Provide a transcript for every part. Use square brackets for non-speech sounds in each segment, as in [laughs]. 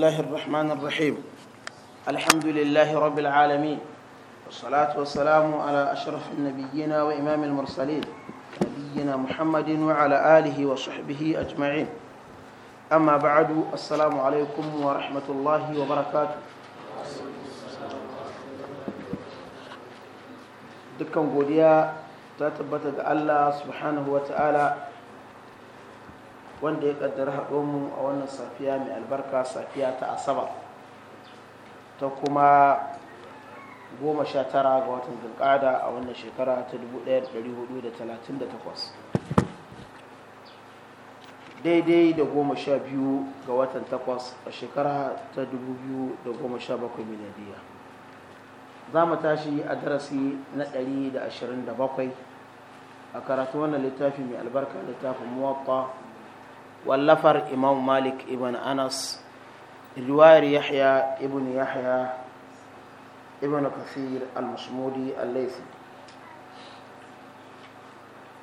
الله الرحمن الرحيم الحمد لله رب العالمين والصلاة والسلام على أشرف النبيين وإمام المرسلين نبينا محمد وعلى آله وصحبه أجمعين أما بعد السلام عليكم ورحمة الله وبركاته دكان قوديا تتبتد الله سبحانه وتعالى wanda ya kaddara haɗo mu a wannan safiya mai albarka safiya ta asaba ta kuma goma sha tara ga watan zulƙada a wannan shekara ta 1438 daidai da goma sha biyu ga watan takwas a shekara ta 2017 miliyariya za mu tashi a darasi na 127 a karatu wannan littafi mai albarka littafin muwatta wallafar imam malik ibn anas riwayar yahya ibn yahya ibn kasir al-masmudi al-laisi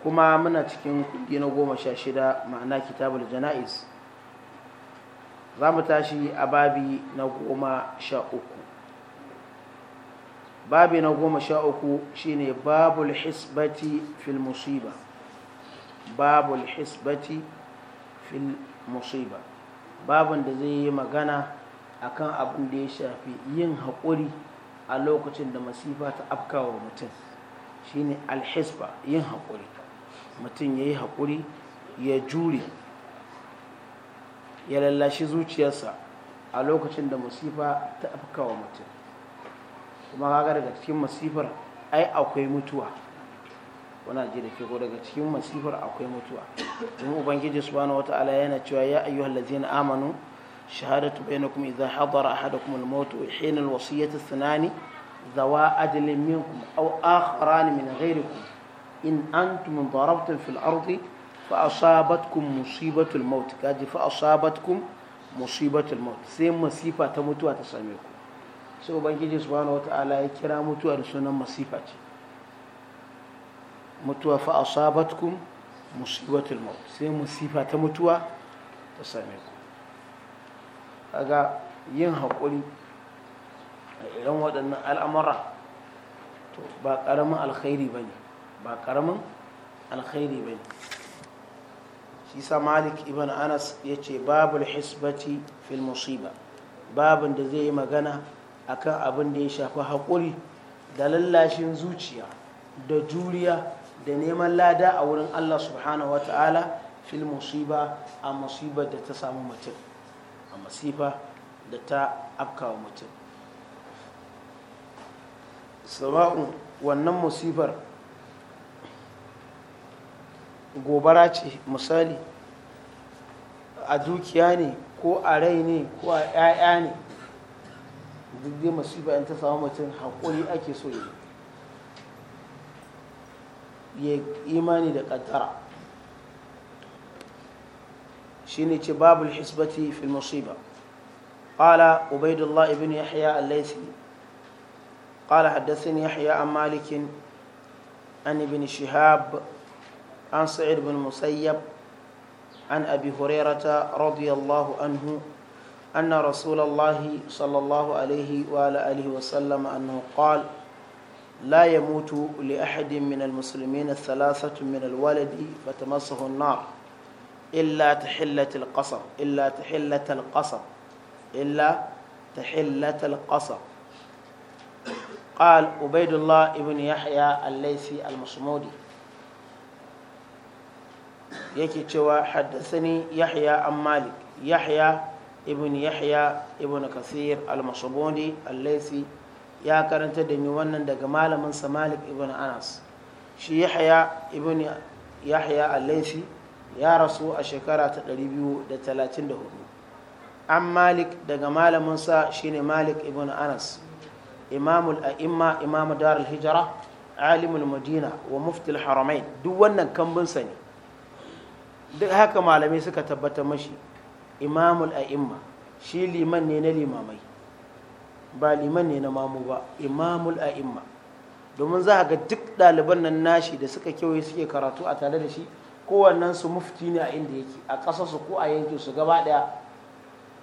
kuma muna cikin kundi na goma sha shida ma'ana kitabul jana'iz za mu tashi a babi na goma sha uku babi na goma sha uku shine babul hisbati fil musiba babul hisbati fil musiba babin da zai yi magana akan abin da ya shafi yin hakuri a lokacin da masifa ta afkawa mutum shine alhisba yin haƙuri mutum ya yi haƙuri ya jure ya lallashi zuciyarsa a lokacin da masifa ta afkawa mutum kuma kaga daga cikin masifar ai akwai mutuwa kuna ji da ke ko daga cikin masifar akwai mutuwa in ubangiji subhanahu wataala yana cewa ya ayyuhal ladzina amanu shahadatu bainakum idza hadara ahadakum al-maut hina al-wasiyati thanani dhawa adlin minkum aw akharan min ghayrikum in antum darabtum fil ardi fa asabatkum musibatul maut kaji fa asabatkum musibatul maut sai masifa ta mutuwa ta same ku sai ubangiji subhanahu wataala ya kira mutuwa da sunan masifa ce mutuwa fa asabatkum musibatul maut sai musifa ta mutuwa ta same ku kaga yin hakuri, a irin waɗannan al'amura to ba ƙaramin alkhairi bane ba ƙaramin alkhairi bane shi sa malik ibn anas ya ce babul hisbati fil musiba babin da zai yi magana akan abin da ya shafi haƙuri da lallashin zuciya da juriya da neman lada a wurin Allah subhanahu wa ta'ala fil musiba a musibar da ta samu mutum a musiba da ta afkawa mutum sama'u wannan musibar gobara ce misali a dukiya ne ko a rai ne ko a 'ya'ya ne duk dai masifa in ta samu mutum haƙuri ake so yi ya imani da kaddara shine ce babul hisbati fil musiba qala ubaidullah ibn yahya al-laythi qala haddathani yahya an malikin an ibn shihab an sa'id bin musayyab an abi hurairata radiyallahu anhu أن رسول sallallahu alaihi الله عليه وعلى آله وسلم لا يموت لأحد من المسلمين الثلاثة من الولد فتمسه النار إلا تحلة القصر إلا تحلة القصر إلا تحلة القصر قال عبيد الله بن يحيى الليثي المصمودي yake cewa haddasani yahya an malik yahya ibn yahya ibn kasir al-mashbuni al-laisi ya karanta da ni wannan daga malamin sa malik ibn anas shi yahya ibn yahya al ya rasu a shekara ta 234 an malik daga malamin sa shine malik ibn anas imamul a'imma dar darul hijra alimul madina wa muftil haramain duk wannan kambun sa ne duk haka malamai suka tabbata mashi imamul a'imma shi liman ne na limamai ba liman ne na mamu ba imamul a'imma domin za a ga duk ɗaliban nan nashi da suka kewaye suke karatu a tare da shi kowannen su mufti ne a inda yake a kasarsu ko a yankin su gaba ɗaya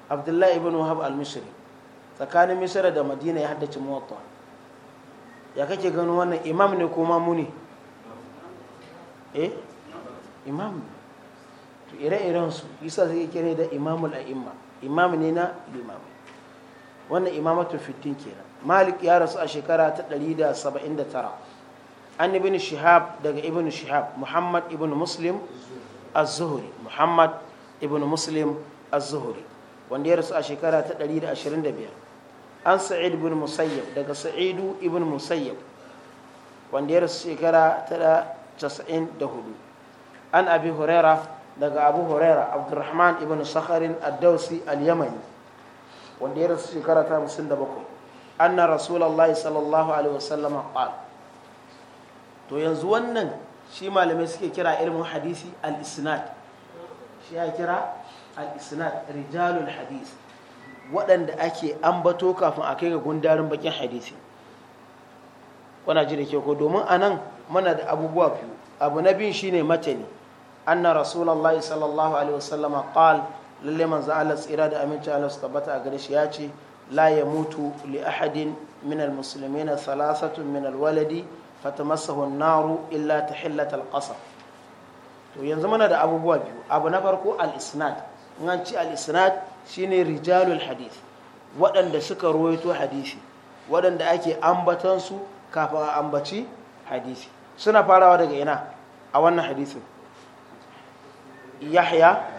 abdullahi ibn wahab al-misri tsakanin misra da madina ya haddace muwatta ya kake ganin wannan imam ne ko mamu ne eh imam ne to ire-iren su isa suke kire da imamul a'imma imam ne na limamai wannan imamatu fitin kenan malik ya rasu a shekara ta 179 an ibn shihab daga ibn shihab muhammad ibn muslim az-zuhri muhammad ibn muslim az-zuhri wanda ya rasu a shekara ta 125 an sa'id ibn musayyab daga sa'idu ibn musayyab wanda ya rasu shekara ta 94 an abi huraira daga abu huraira abdurrahman ibn sakharin ad-dawsi al-yamani wanda ya rasu shekara ta bakwai. anna rasulullahi sallallahu alaihi wasallama qala to yanzu wannan shi malamai suke kira ilmin hadisi al-isnad shi ya kira al-isnad rijalul hadis waɗanda ake ambato kafin a kai ga gundarin bakin hadisi wana ji da ke ko domin anan mana da abubuwa biyu abu na biyu shine matani anna rasulullahi sallallahu alaihi wasallama qala lalle manzo Allah tsira da aminci Allah su tabbata a gare shi ya ce la mutu li ahadin min na thalathatun min al-waladi waladi fatamassahu naru illa tahillat al-qasam to yanzu muna da abubuwa biyu abu na farko al-isnad in ci al-isnad shine rijalul hadith waɗanda suka roito hadisi waɗanda ake ambatan su kafin a ambaci hadisi suna farawa daga ina a wannan hadisin yahya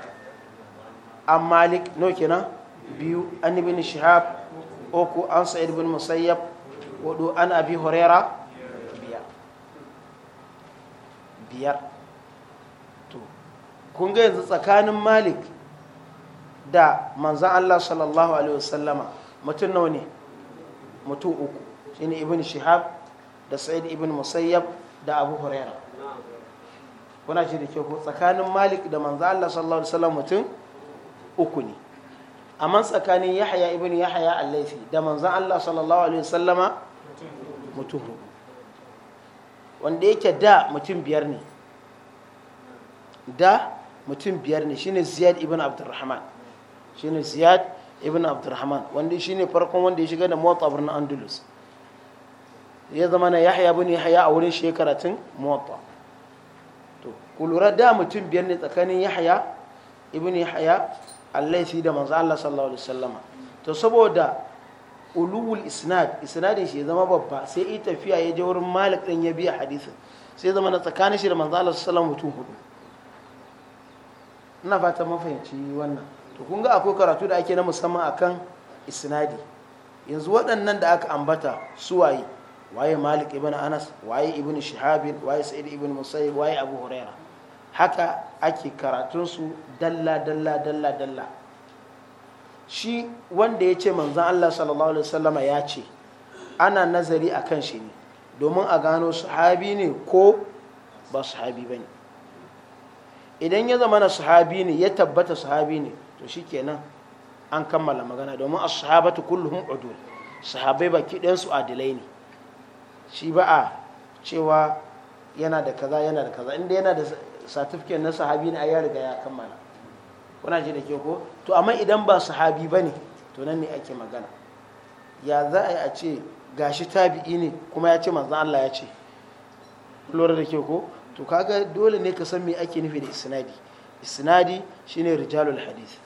an malik no kenan biyu an ibn shihab uku an sa'id bin musayyab hudu an abi huraira biyar biyar to kun ga yanzu tsakanin malik da manzan Allah sallallahu alaihi wasallama mutum nawa ne mutum uku shine ibn shihab da sa'id ibn musayyab da abu huraira kuna shi da ke tsakanin malik da manzan Allah sallallahu alaihi Wasallama mutum uku ne amma tsakanin yahaya ibn yahaya al da manzan Allah sallallahu alaihi wasallama mutum hudu wanda yake da mutum biyar ne da mutum biyar ne shine Ziyad ibn Abdurrahman shine Ziyad ibn Abdurrahman wanda shine farkon wanda ya shiga da Muwatta birnin Andalus ya zama na Yahya ibn Yahaya a wurin shekaratun Muwatta to kulura da mutum biyar ne tsakanin Yahaya, ibn Yahaya. allaifi da manzo Allah sallallahu alaihi wasallama to saboda ulul isnad isnadin shi zama babba sai yi tafiya ya je wurin malik din ya biya hadisin sai zama na tsakanin shi da manzo Allah sallallahu alaihi mutum hudu ina fata mun fahimci wannan to kun ga akwai karatu da ake na musamman akan isnadi yanzu waɗannan da aka ambata su waye waye malik ibn anas waye ibn shihabin waye sa'id ibn musayyib waye abu hurairah haka ake karatunsu dalla dalla dalla dalla shi wanda ya ce manzan Allah sallallahu alaihi wasallama ya ce ana nazari a kan shi ne domin a gano sahabi ne ko ba sahabi ba ne idan ya zama na sahabi ne ya tabbata sahabi ne to shi kenan an kammala magana domin a sahabatu kullum udul sahabai baki ɗansu adilai ne shi ba a cewa yana da kaza yana da kaza inda yana da certificate na sahabi ne a ya riga ya kammala kuna ji da ke ko to amma idan ba sahabi ba ne to nan ne ake magana ya za a yi a ce gashi tabi'i ne kuma ya ce manzan Allah ya ce lura da ke ko to kaga dole ne ka san me ake nufi da isnadi isnadi shine rijalul hadith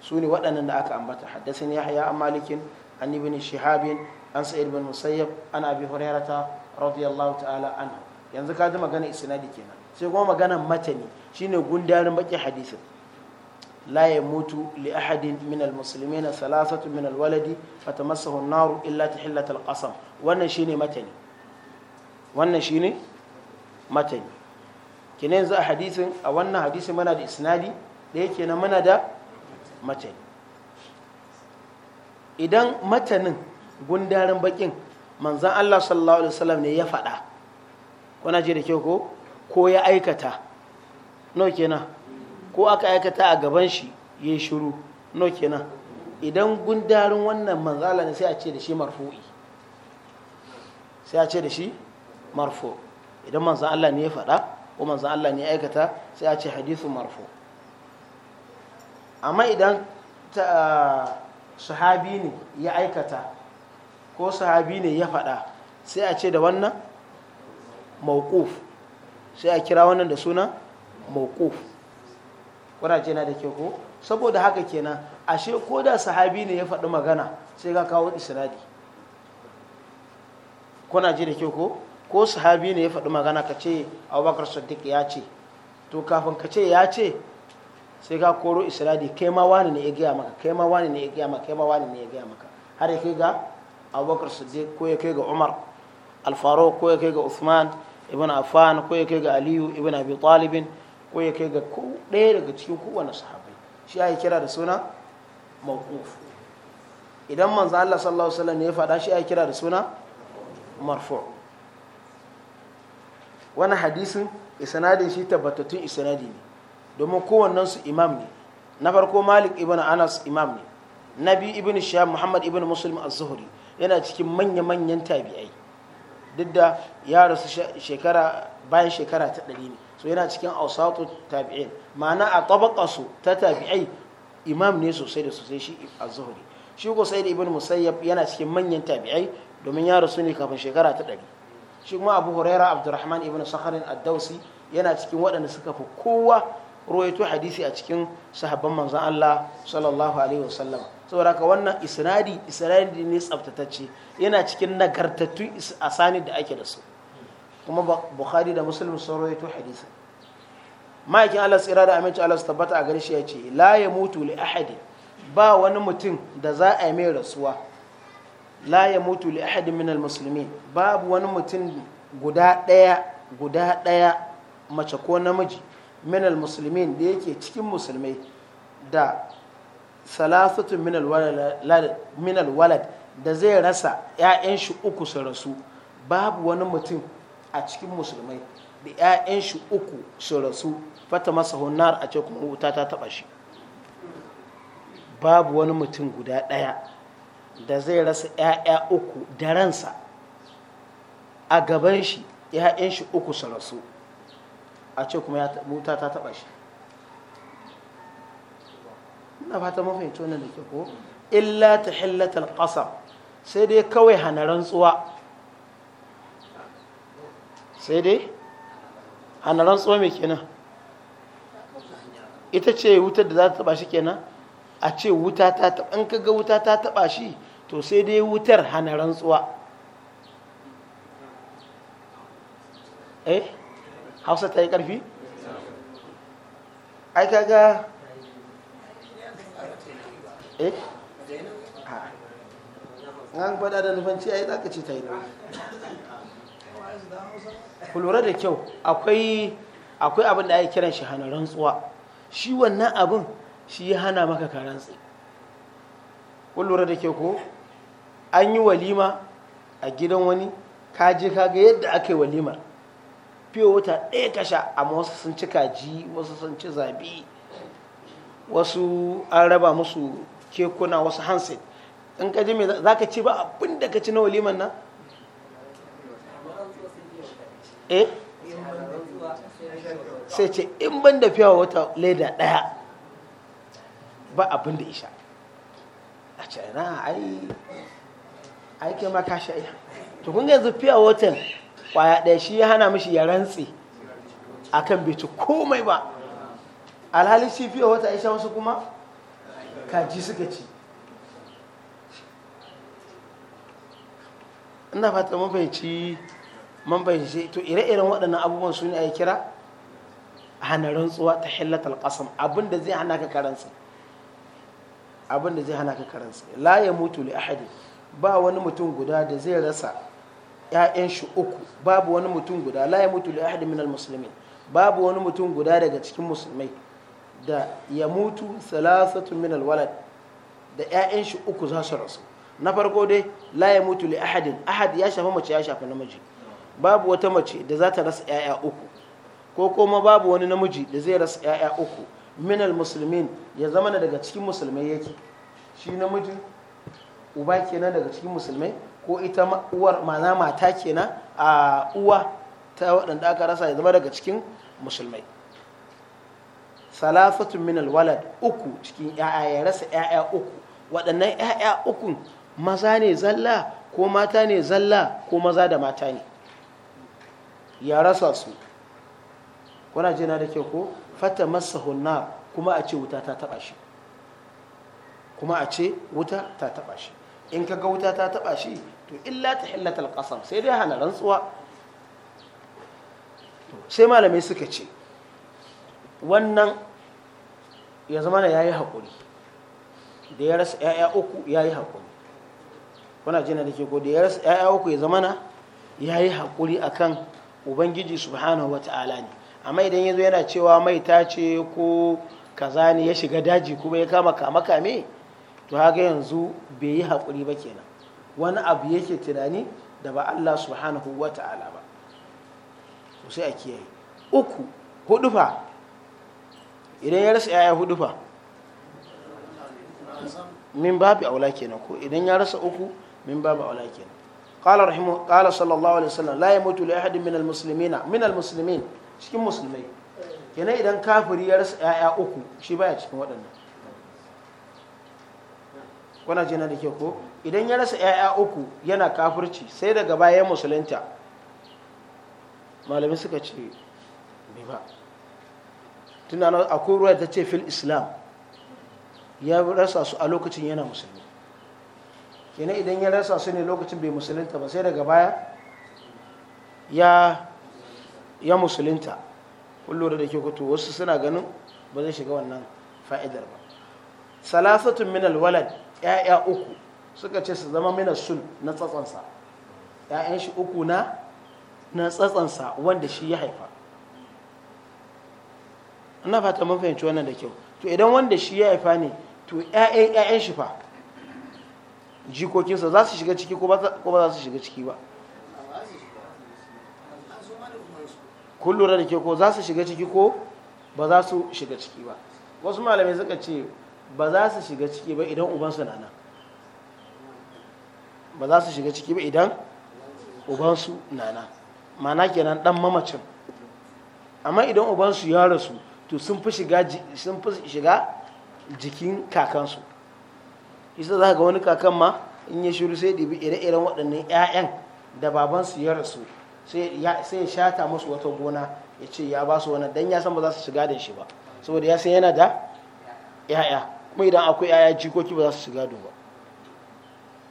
su ne waɗannan da aka ambata haddasin yahya an malikin an ibn shihabin an sa'id bin musayyab an abi hurairata radiyallahu ta'ala anhu yanzu ka ji magana isnadi kenan sai kuma maganan matani shine gundarin baki hadisin la mutu li ahadin min almuslimina thalathatu min al-waladi fatamassahu an-nar illa tahillat alqasam wannan shine matani wannan shine matani ne yanzu a hadisin a wannan hadisin muna da isnadi yake na muna da matani idan matanin gundarin bakin manzan Allah sallallahu alaihi wasallam ne ya faɗa kuna ji da kyau ko ko ya aikata no kenan ko aka aikata a gaban shi ya yi shiru no kenan idan gundarin wannan manzala ne sai a ce da shi marfu'i sai a ce da shi marfu idan manzan Allah ne ya faɗa ko manzan Allah ne ya aikata sai a ce hadithu marfu amma idan sahabi ne ya aikata ko sahabi ne ya faɗa sai a ce da wannan mawquf sai a kira wannan da suna mawquf kuna ce na da ke ko saboda haka kenan ashe ko da sahabi ne ya faɗi magana sai ka kawo isnadi kuna ji da ke ko ko sahabi ne ya faɗi magana ka ce abubakar sadiq ya ce to kafin ka ce ya ce sai ka koro isradi kai ma wani ne ya gaya maka kai ma wani ne ya gaya maka kai ma wani ne ya gaya maka har ya kai ga abubakar Saddiq ko ya kai ga umar alfaro ko ya kai ga uthman ibn Afan ko ya kai ga aliyu ibn abi talibin ko ya kai ga ɗaya daga cikin kowane sahabai shi ya kira da suna mawquf idan manzo Allah sallallahu alaihi wasallam ya faɗa shi ya kira da suna marfu wani hadisin isnadin shi tabbatattun isnadi ne domin kowannen su imam ne na farko malik ibn anas imam ne Nabi ibn shahab muhammad ibn muslim az-zuhri yana cikin manya-manyan tabi'ai duk da ya rasu shekara bayan shekara ta ɗari ne so yana cikin ausatu tabi'in ma'ana a tabaka su ta tabi'ai imam ne sosai da sosai shi a zuhuri shi ko sai da ibn musayyab yana cikin manyan tabi'ai domin ya rasu ne kafin shekara ta ɗari shi kuma abu huraira abdurrahman ibn saharin addausi yana cikin waɗanda suka fi kowa ruwaito hadisi a cikin sahabban manzan allah sallallahu alaihi wasallam saboda ka wannan isnadi isnadi ne tsaftatacce yana cikin a asani da ake da su kuma bukhari da muslim sun rawaito hadisin ma'aikin allah tsira da aminci allah su tabbata a shi ya ce la ya mutu li ahadi ba wani mutum da za a yi mai rasuwa la ya mutu li ahadi min almuslimin babu wani mutum guda ɗaya guda ɗaya mace ko namiji min musulmi da yake cikin musulmai da salasatun minal walad da zai rasa 'ya'yan shi uku su rasu babu wani mutum a cikin musulmai da 'ya'yan shi uku su rasu fata masa hunar a ce kuma wuta ta taba shi babu wani mutum guda ɗaya da zai rasa 'ya'ya uku da ransa a gaban shi 'ya'yan shi uku su rasu a ce kuma wuta ta taba shi ina fata mafahimci wannan da ke ko illa ta hillatal qasam sai dai kawai hana rantsuwa sai dai hana rantsuwa mai kenan ita ce wutar da za ta taba shi kenan a ce wuta ta taba in kaga wuta ta taba shi to sai dai wutar hana rantsuwa eh hausa ta yi karfi ai kaga eh da nufanci a yi ta yi da kyau akwai abin da ake kiran shi hana rantsuwa shi wannan abin shi ya hana maka ka rantsi kulura da kyau ko an yi walima a gidan wani kaji kaga yadda aka yi walima fiye wata ɗaya ka sha amma wasu sun ci kaji wasu sun ci zabi wasu an raba musu kekuna wasu hansi in ka ji me za ka ci ba abin da ka ci na waliman nan eh sai ce in ban da fiyawa wata leda ɗaya ba abin da isha a ce na ai ai ma kashi sha iya to kun yanzu fiyawa watan kwaya ɗaya shi ya hana mishi ya a kan bai ci komai ba alhali shi fiyawa wata isha wasu kuma kaji suka ci ina fata mun fahimci to ire-iren waɗannan abubuwan su ne a yi kira hana rantsuwa ta hillatal qasam abin da zai hana ka karansa abin da zai hana ka karansa la ya mutu li ahadin ba wani mutum guda da zai rasa ‘ya'yan shi uku babu wani mutum guda la ya mutu li ahadin minal musulmin babu wani mutum guda daga cikin musulmai da ya mutu salasatu min alwalad da 'ya'yan shi uku za su rasu na farko dai la ya mutu li ahadin ahad ya shafa mace ya shafa namiji babu wata mace da za ta rasa 'ya'ya uku ko kuma babu wani namiji da zai rasa 'ya'ya uku minal musulmin ya zama daga cikin musulmai yake shi namiji uba kenan daga cikin musulmai ko ita uwar mana mata kenan a uwa ta waɗanda aka rasa ya zama daga cikin musulmai salafatun min alwalad uku cikin ya'ya ya rasa ya'ya uku waɗannan ya'ya ukun maza ne zalla ko mata ne zalla ko maza da mata ne ya rasa su kuna jina da ke ko fata masa hunna kuma a ce wuta ta taɓa shi kuma a ce wuta ta taɓa shi in ka ga wuta ta taɓa shi to illa ta hillatal ƙasam sai dai hana rantsuwa sai malamai suka ce wannan ya zama da ya yi haƙuri da ya rasa 'ya'ya uku ya yi haƙuri kuna jina da ke ko da ya rasa 'ya'ya uku ya zama na ya yi haƙuri a kan ubangiji subhanahu wa ta'ala ne amma idan ya zo yana cewa mai ta ce ko kaza ne ya shiga daji kuma ya kama kama kame to haka yanzu bai yi haƙuri ba kenan wani abu yake tunani da ba Allah subhanahu wa ta'ala ba sai a kiyaye uku hudu fa idan ya rasa yaya hudu fa min babu aula kenan ko idan ya rasa uku min babu aula kenan قال رحمه قال صلى الله عليه وسلم لا يموت لاحد من المسلمين من المسلمين cikin musulmai kenan idan kafiri ya rasa yaya uku shi baya cikin waɗannan kuna jina da ke ko idan ya rasa yaya uku yana kafirci sai daga baya musulunta malami suka ce bi ba tunda akwai ruwa ta ce fil islam ya rasa su a lokacin yana musulmi kenan idan ya rasa su ne lokacin bai musulunta ba sai daga baya ya ya musulunta kullum da ke kuto wasu suna ganin ba zai shiga wannan fa'idar ba salasatun minal walad ya'ya uku suka ce su zama minal sun na tsatsansa ya'yan shi uku na na tsatsansa wanda shi ya haifa ina fata mun fahimci wannan da kyau to idan wanda shi ya haifa ne to ƴaƴan ƴaƴan shi fa jikokinsa za su shiga ciki ko ba za su shiga ciki ba kun lura da ke ko za su shiga ciki ko ba za su shiga ciki ba wasu malamai suka ce ba za su shiga ciki ba idan ubansu na nan ba za su shiga ciki ba idan ubansu na nan mana kenan dan mamacin amma idan ubansu ya rasu to sun fi shiga jikin kakansu isa za ga wani kakan ma in ya shiru sai ɗibi ire-iren waɗannan 'ya'yan da babansu ya rasu sai ya shata musu wata gona ya ce ya ba su wani dan ya san ba za su shiga da shi ba saboda ya san yana da 'ya'ya kuma idan akwai 'ya'ya jikoki ba za su shiga da ba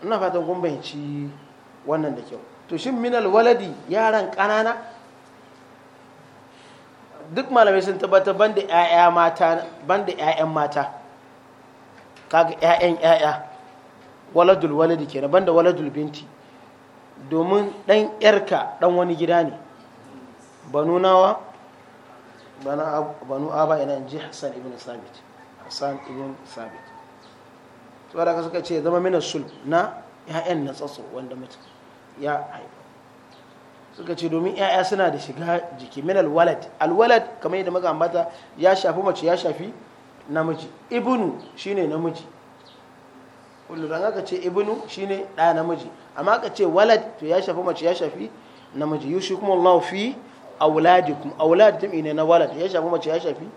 ina fatan kun bayanci wannan da kyau to shin minal waladi yaran ƙanana duk malamai sun tabbatar banda ƴaƴa mata banda ƴaƴan mata kaga ƴaƴan ƴaƴa waladul waladi kenan banda waladul binti domin dan yarka dan wani gida ne banu nawa banu aba ina ji hassan ibn sabit hassan ibn sabit to da suka ce zama mina sul na ƴaƴan na tsatsu wanda mutum ya haifa suka ce domin 'ya'ya suna da shiga jiki min alwalad alwalad kamar yadda muka ambata ya shafi mace ya shafi namiji ibnu shine namiji kullu dan aka ce ibnu shine da namiji amma aka ce walad to ya shafi mace ya shafi namiji yushikum Allah fi auladikum aulad jam'i ne na walad ya shafi mace ya shafi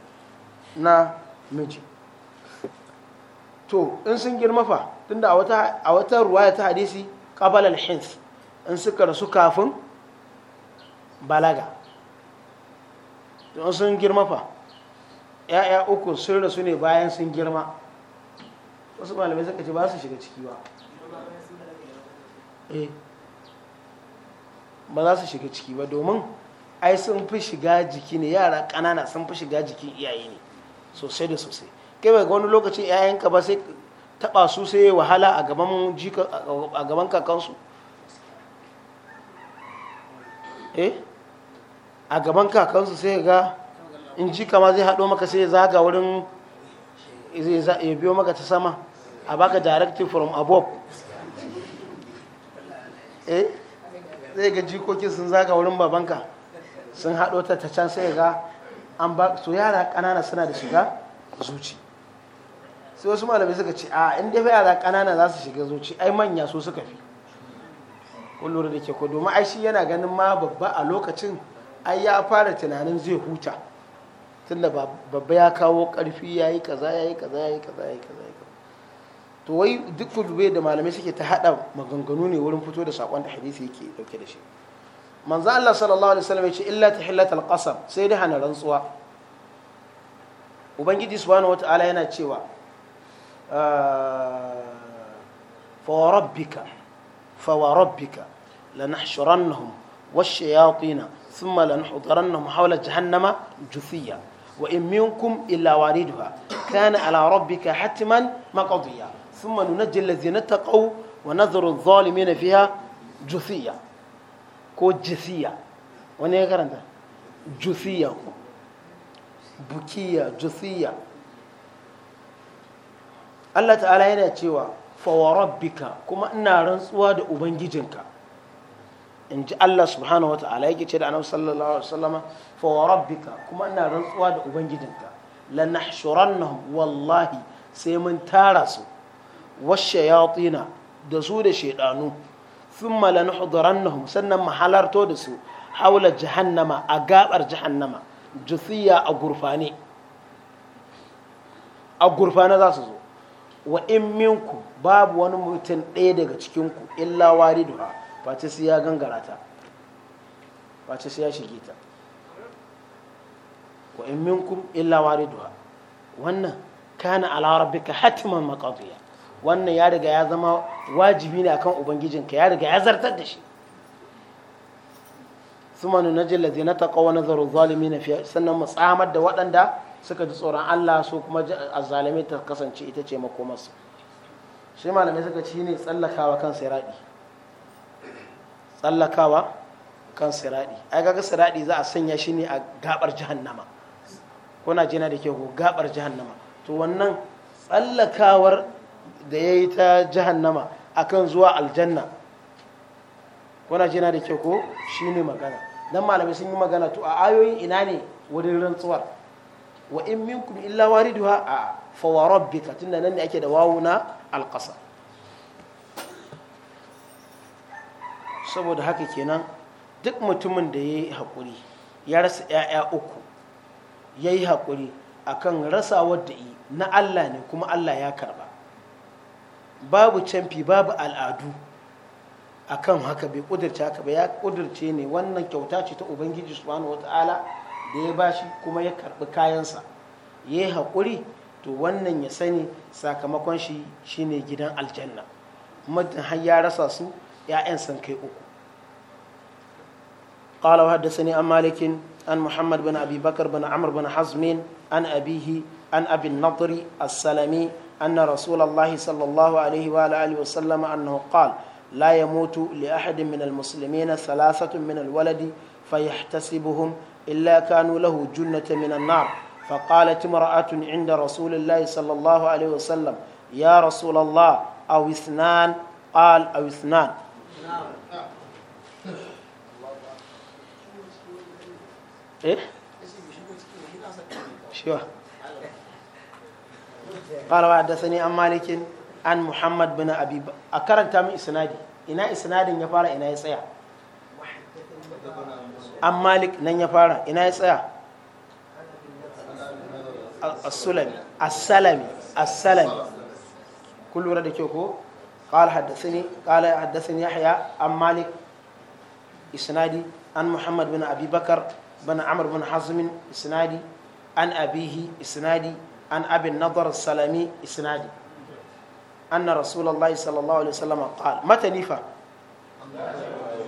na miji to in sun girma fa tunda a wata a wata ruwaya ta hadisi qabala al-hins in suka rasu kafin balaga don sun girma fa ya'ya uku sun rasu ne bayan sun girma wasu malamai suka ce ba su shiga ciki ba eh, ba za su shiga ciki ba domin ai sun fi shiga jiki ne yara ƙanana sun fi shiga jikin iyaye ne sosai da sosai kai ba wani lokacin iyayenka ba sai taɓa su sai wahala a gaban kakansu eh a gaban kakansu sai ga in ji kama zai haɗo maka sai zaga wurin ya biyo maka ta sama a baka directive from above eh zai ga jikokin sun zaga wurin babanka sun haɗo ta ta can sai ga an ba su yara ƙanana suna da shiga zuci sai wasu malamai suka ce a inda yara ƙanana za su shiga zuci ai manya su suka fi kullum da ke ko domin ai shi yana ganin ma babba a lokacin ai ya fara tunanin zai huta tunda babba ya kawo karfi ya yi kaza ya yi kaza ya yi kaza ya yi kaza to wai duk kudube da malamai suke ta haɗa maganganu ne wurin fito da sakon da hadisi yake dauke da shi manzo Allah sallallahu alaihi wasallam ce illa tahillat alqasam sai da hana rantsuwa ubangiji subhanahu wataala yana cewa ah, fa rabbika fa wa rabbika lanahshurannahum wash-shayatin ثم لنحضرنهم حول جهنم جثيا وإن منكم إلا واردها كان على ربك حتما مقضيا ثم ننجي الذين اتقوا ونذر الظالمين فيها جثيا كو جثيا وني كرنت جثيا بكيا جثيا الله تعالى yana cewa fa rabbika kuma ina rantsuwa da ubangijinka in ji Allah subhanahu wata'ala yake ce da annabi sallallahu alaihi wasallam fa wa rabbika kuma ina rantsuwa da ubangijinka la nahshurannahum wallahi sai mun tara su washayatina da su da shaydanu thumma la nuhdharannahum sannan mu halarto da su haula jahannama a gabar jahannama juthiya a gurfane a gurfane za su zo wa in minku babu wani mutum ɗaya daga cikinku illa wariduha face sai ya gangara ta face sai ya shige ta wa in minkum illa wariduha wannan kana ala rabbika hatiman maqdiya wannan ya riga ya zama wajibi ne akan ubangijinka ya riga ya zartar da shi suma nuna jillazi na taƙa wani zaro zalimi na fiye sannan mu tsamar da waɗanda suka ji tsoron Allah su kuma a zalimi ta kasance ita ce makomarsu shi malamai suka ci ne tsallakawa kan siraɗi tsallakawa kan siradi ai kaga siradi za a sanya shi ne a gabar jahannama kuna jina da ke gabar jahannama to wannan tsallakawar da ya yi ta jahannama akan zuwa aljanna kuna jina da ke ko ne magana dan malamai sun yi magana to a ayoyin ina ne wurin rantsuwar wa in minkum illa wariduha a fa wa tunda nan ne ake da wawu na alƙasa. saboda haka kenan duk mutumin da ya yi haƙuri ya rasa 'ya'ya uku ya yi haƙuri akan rasa wadda yi na allah ne kuma allah ya karba babu canfi babu al'adu akan haka bai ƙudurce haka ba ya ƙudurce ne wannan kyauta ce ta ubangiji subhanahu wata'ala da ya bashi kuma ya karɓi kayansa ya yi haƙuri to wannan ya sani sakamakon shi shine gidan aljanna muddin har ya rasa su 'ya'yan sun kai uku قال وحدثني عن مالك عن محمد بن أبي بكر بن عمرو بن حزم عن أبيه عن أبي النضر السلمي أن رسول الله صلى الله عليه وآله وسلم أنه قال لا يموت لأحد من المسلمين ثلاثة من الولد فيحتسبهم إلا كانوا له جنة من النار فقالت امرأة عند رسول الله صلى الله عليه وسلم يا رسول الله أو اثنان قال أو اثنان eh shiwa قال وحدثني عن مالك عن محمد بن ابي اسنادي ina isnadin ya fara ina ya tsaya an malik nan ya fara ina ya tsaya as-sulami as-salami as-salami kun lura da kyau ko قال حدثني قال حدثني يحيى عن بن عمرو بن حزم إسنادي عن أبيه إسنادي عن أبي النضر السلمي إسنادي أن رسول الله صلى الله عليه وسلم قال متى نفى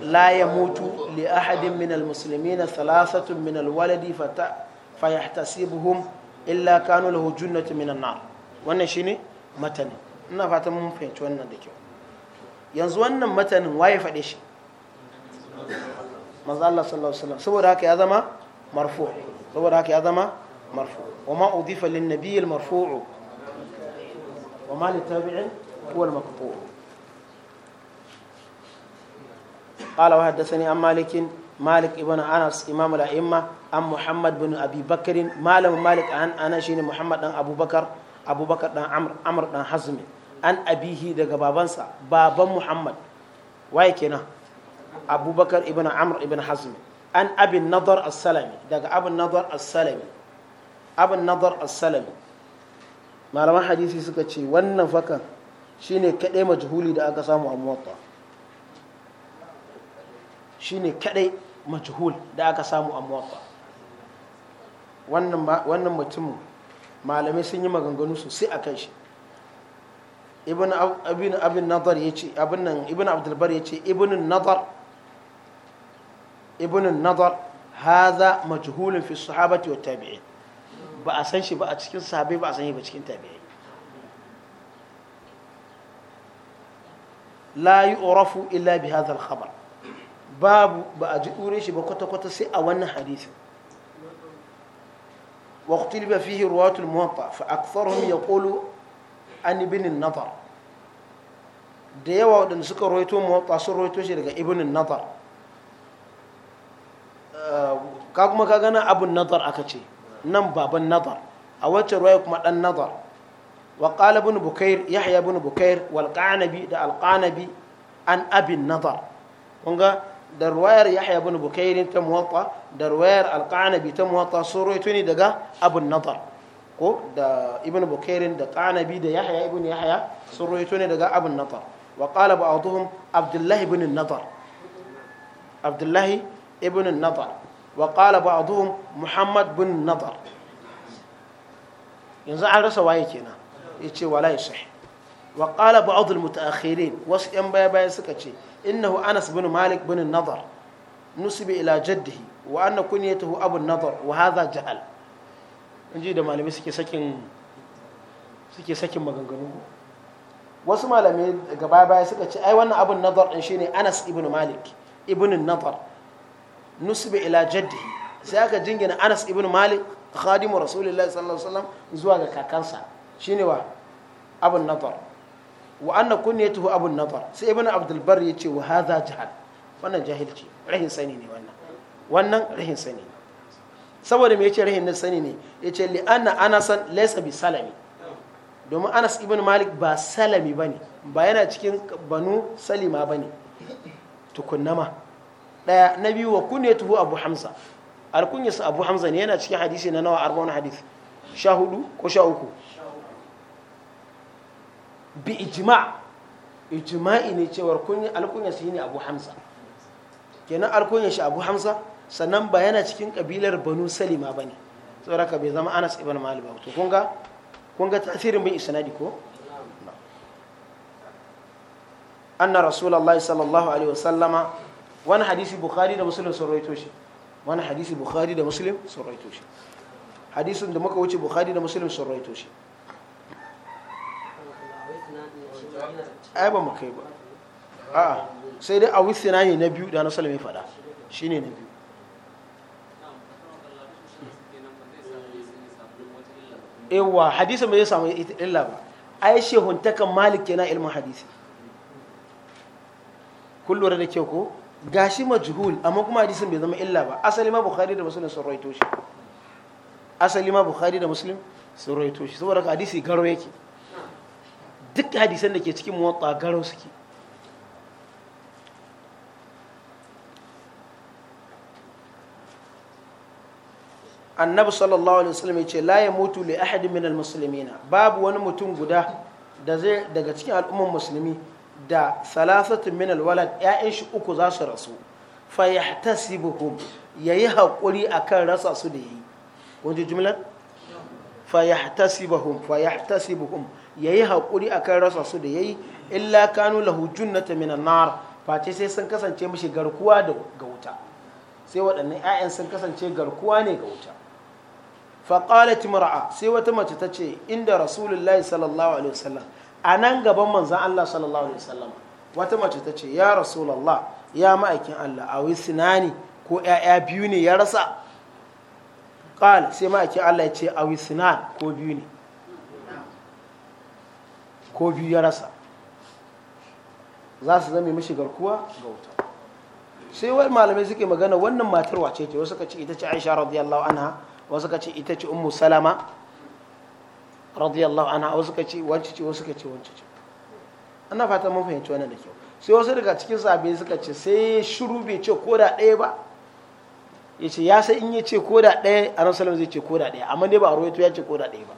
لا يموت لأحد من المسلمين ثلاثة من الولد فت... فيحتسبهم إلا كانوا له جنة من النار wannan shine matanin ina fatan mun fahimci wannan da kyau yanzu wannan matanin waye faɗe shi manzo Allah sallallahu alaihi wasallam saboda haka ya zama marfu saboda haka ya zama marfu wa ma udifa lin nabiy al marfu wa ma li tabi'in huwa al maqtu قال وحدثني عن مالك مالك ابن انس امام الائمه عن محمد بن ابي بكر مالك مالك عن انا شين محمد بن ابو بكر ابو بكر بن عمرو عمرو بن حزم عن ابيه daga babansa baban muhammad waye kenan abubakar ibn amr ibn hazm an abin nadar as-salami daga abin nadar as-salami abin nadar as-salami malaman hadisi suka ce wannan fakan shine kadai majhuli da aka samu a muwatta shine kadai majhul da aka samu a muwatta wannan mutumin malamai sun yi maganganu sosai a kan shi ibn abin nadar abin nan ibn abdulbar ya ce ibn nadar ibn nadar haza majhulun fi sahabati wa tabi'in ba a san shi ba a cikin sahabai ba a san shi ba cikin tabi'ai la yu'rafu illa bi hadha al-khabar babu ba a ji dure shi ba kwata kwata sai a wannan hadisin wa qutiliba fihi ruwatul muwatta fa aktharuhum yaqulu an ibn an-nadar da yawa wadanda suka rawaito muwatta sun rawaito shi daga ibn an-nadar ka kuma ka gana abun nazar aka ce nan baban nazar a wacce ruwaya kuma dan nazar wa qala ibn bukair yahya ibn bukair wal qanabi da al qanabi an abin nazar kun da ruwayar yahya ibn bukair ta muwatta da ruwayar al qanabi ta muwatta sun rawaito ne daga abun nazar ko da ibn bukair da qanabi da yahya ibn yahya sun rawaito ne daga abun nazar wa qala ba'dhum abdullah ibn nazar abdullahi ibn nadar wa qala ba'dhum muhammad bin nadar yanzu an rasa waye kenan yace wala yasih wa qala ba'd al mutaakhirin wasu yan baya baya suka ce innahu anas bin malik bin nadar nusibi ila jaddihi wa anna kunyatuhu abu nadar wa hadha jahal da malamai suke sakin wasu malamai gaba baya suka ce ai wannan abun in din shine anas ibn malik ibn nadar nusbe ila jaddihi sai aka jingina anas ibn malik khadimu rasulullahi sallallahu alaihi wasallam zuwa ga kakansa shine wa abun nadar wa anna kunyatuhu abun nadar sai ibn abdul bar yace wa hadha jahal wannan jahilci rahin sani ne wannan wannan rahin sani ne saboda me yace rahin sani ne yace li anna anasan laysa bi salami domin anas ibn malik ba salami bane ba yana cikin banu salima bane tukunnama daya na biyu wa kunyatuhu abu hamza alkunyarsa abu hamza ne yana cikin hadisi na nawa arba'un hadisi sha hudu ko sha uku bi ijma ijma'i ne cewar kunya alkunyar shi ne abu hamza kenan alkunyar abu hamza sannan ba yana cikin kabilar banu salima ba ne tsoraka bai zama anas ibn malik ba to kunga kunga tasirin bin isnadi ko anna rasulullahi sallallahu alaihi wasallama wani hadisi bukhari da muslim sun rawaito shi wani hadisi bukhari da muslim sun rawaito shi hadisin da muka wuce bukhari da muslim sun rawaito shi ai ba mu kai ba a sai dai a wisina ne na biyu da na salami faɗa shine na biyu ewa hadisi ba zai samu illa ba ai shehuntakan malik kenan ilmin hadisi kun lura da kyau ko gashi majhul amma kuma hadisin bai zama illa ba asali ma bukhari da muslim sun rawaito shi asali ma bukhari da muslim sun rawaito shi saboda hadisi garo yake duk hadisan da ke cikin muwatta garo suke annabi sallallahu alaihi wasallam ya ce la ya mutu li ahadin min almuslimina babu wani mutum guda da zai daga cikin al'umman musulmi da salasatun min alwalad ƴaƴan shi uku za su rasu fa yahtasibuhum yayi hakuri akan rasa su da yi. yayi kun ji jumlar fa yahtasibuhum fa yahtasibuhum yayi hakuri akan rasa su da ya yi. illa kanu lahu junnatan min an face sai sun kasance mishi garkuwa ga wuta sai waɗannan ƴaƴan sun kasance garkuwa ne ga wuta fa qalat mar'a sai wata mace ta ce inda rasulullahi sallallahu alaihi wasallam a nan gaban manzan Allah sallallahu alaihi wasallama wata mace ta ce ya rasulallah ya ma'aikin Allah a wai sinani ko ‘ya'ya biyu ne ya rasa ƙal sai ma'aikin Allah ya ce a wai sinan ko biyu ne ko biyu ya rasa za su zame mashi garkuwa ga wuta sai wani malamai suke magana wannan matar wace ce wasu ka ce ita ce aisha radiyallahu anha wasu ka ce ita ce ummu salama radiyallahu ana wasu ka ce wancan ce wasu ka ce wancan ce ana fata mun fahimci wannan da kyau sai wasu daga cikin sabi suka ce sai shiru bai ce ko da ɗaya ba ya ce ya sai in ya ce ko da ɗaya a nan salam zai ce ko da ɗaya amma dai ba a rawaito ya ce ko da ɗaya ba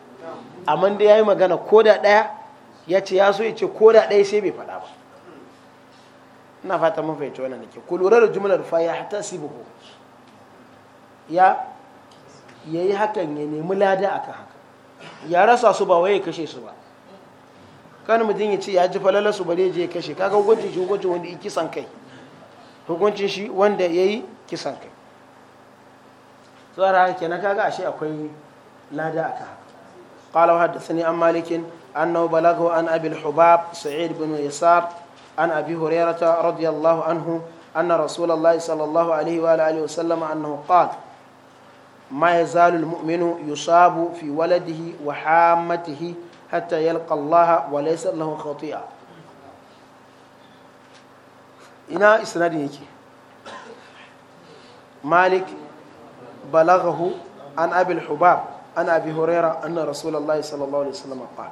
amma dai ya yi magana ko da ɗaya ya ce ya so ya ce ko da ɗaya sai bai faɗa ba ina fata mun fahimci wannan da ke ku lura da jumlar fa ya hata ya yayi hakan ya nemi lada akan haka ya rasa su ba waye kashe su ba kan mutum ya ce ya ji falalar su je ya kashe kaga hukuncin shi hukuncin wanda yi kisan kai hukuncin shi wanda ya yi kisan kai tsara haka kenan kaga ashe akwai lada aka haka قال وحدثني an مالك an بلغه عن أبي الحباب hubab بن يسار عن أبي هريرة رضي الله عنه أن رسول الله صلى الله عليه وآله وسلم أنه قال ما يزال المؤمن يصاب في ولده وحامته حتى يلقى الله وليس له خطيئة إنا إسناد يكي مالك بلغه عن أبي الحباب عن أبي هريرة أن رسول الله صلى الله عليه وسلم قال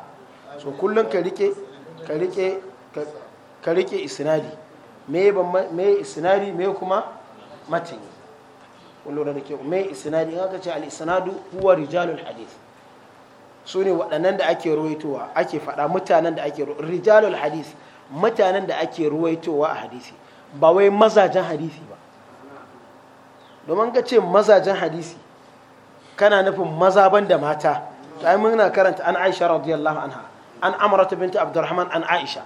so kullum ka rike ka rike ka rike isnadi me me isnadi me kuma matani kun da ke me isnadi in aka ce al isnadu huwa rijalul hadith su ne waɗannan da ake ruwaitowa ake faɗa mutanen da ake rijalul hadith mutanen da ake ruwaitowa a hadisi ba wai mazajen hadisi ba domin ka ce mazajen hadisi kana nufin maza ban da mata to ai muna karanta an Aisha radiyallahu anha an Amrata binti Abdurrahman an Aisha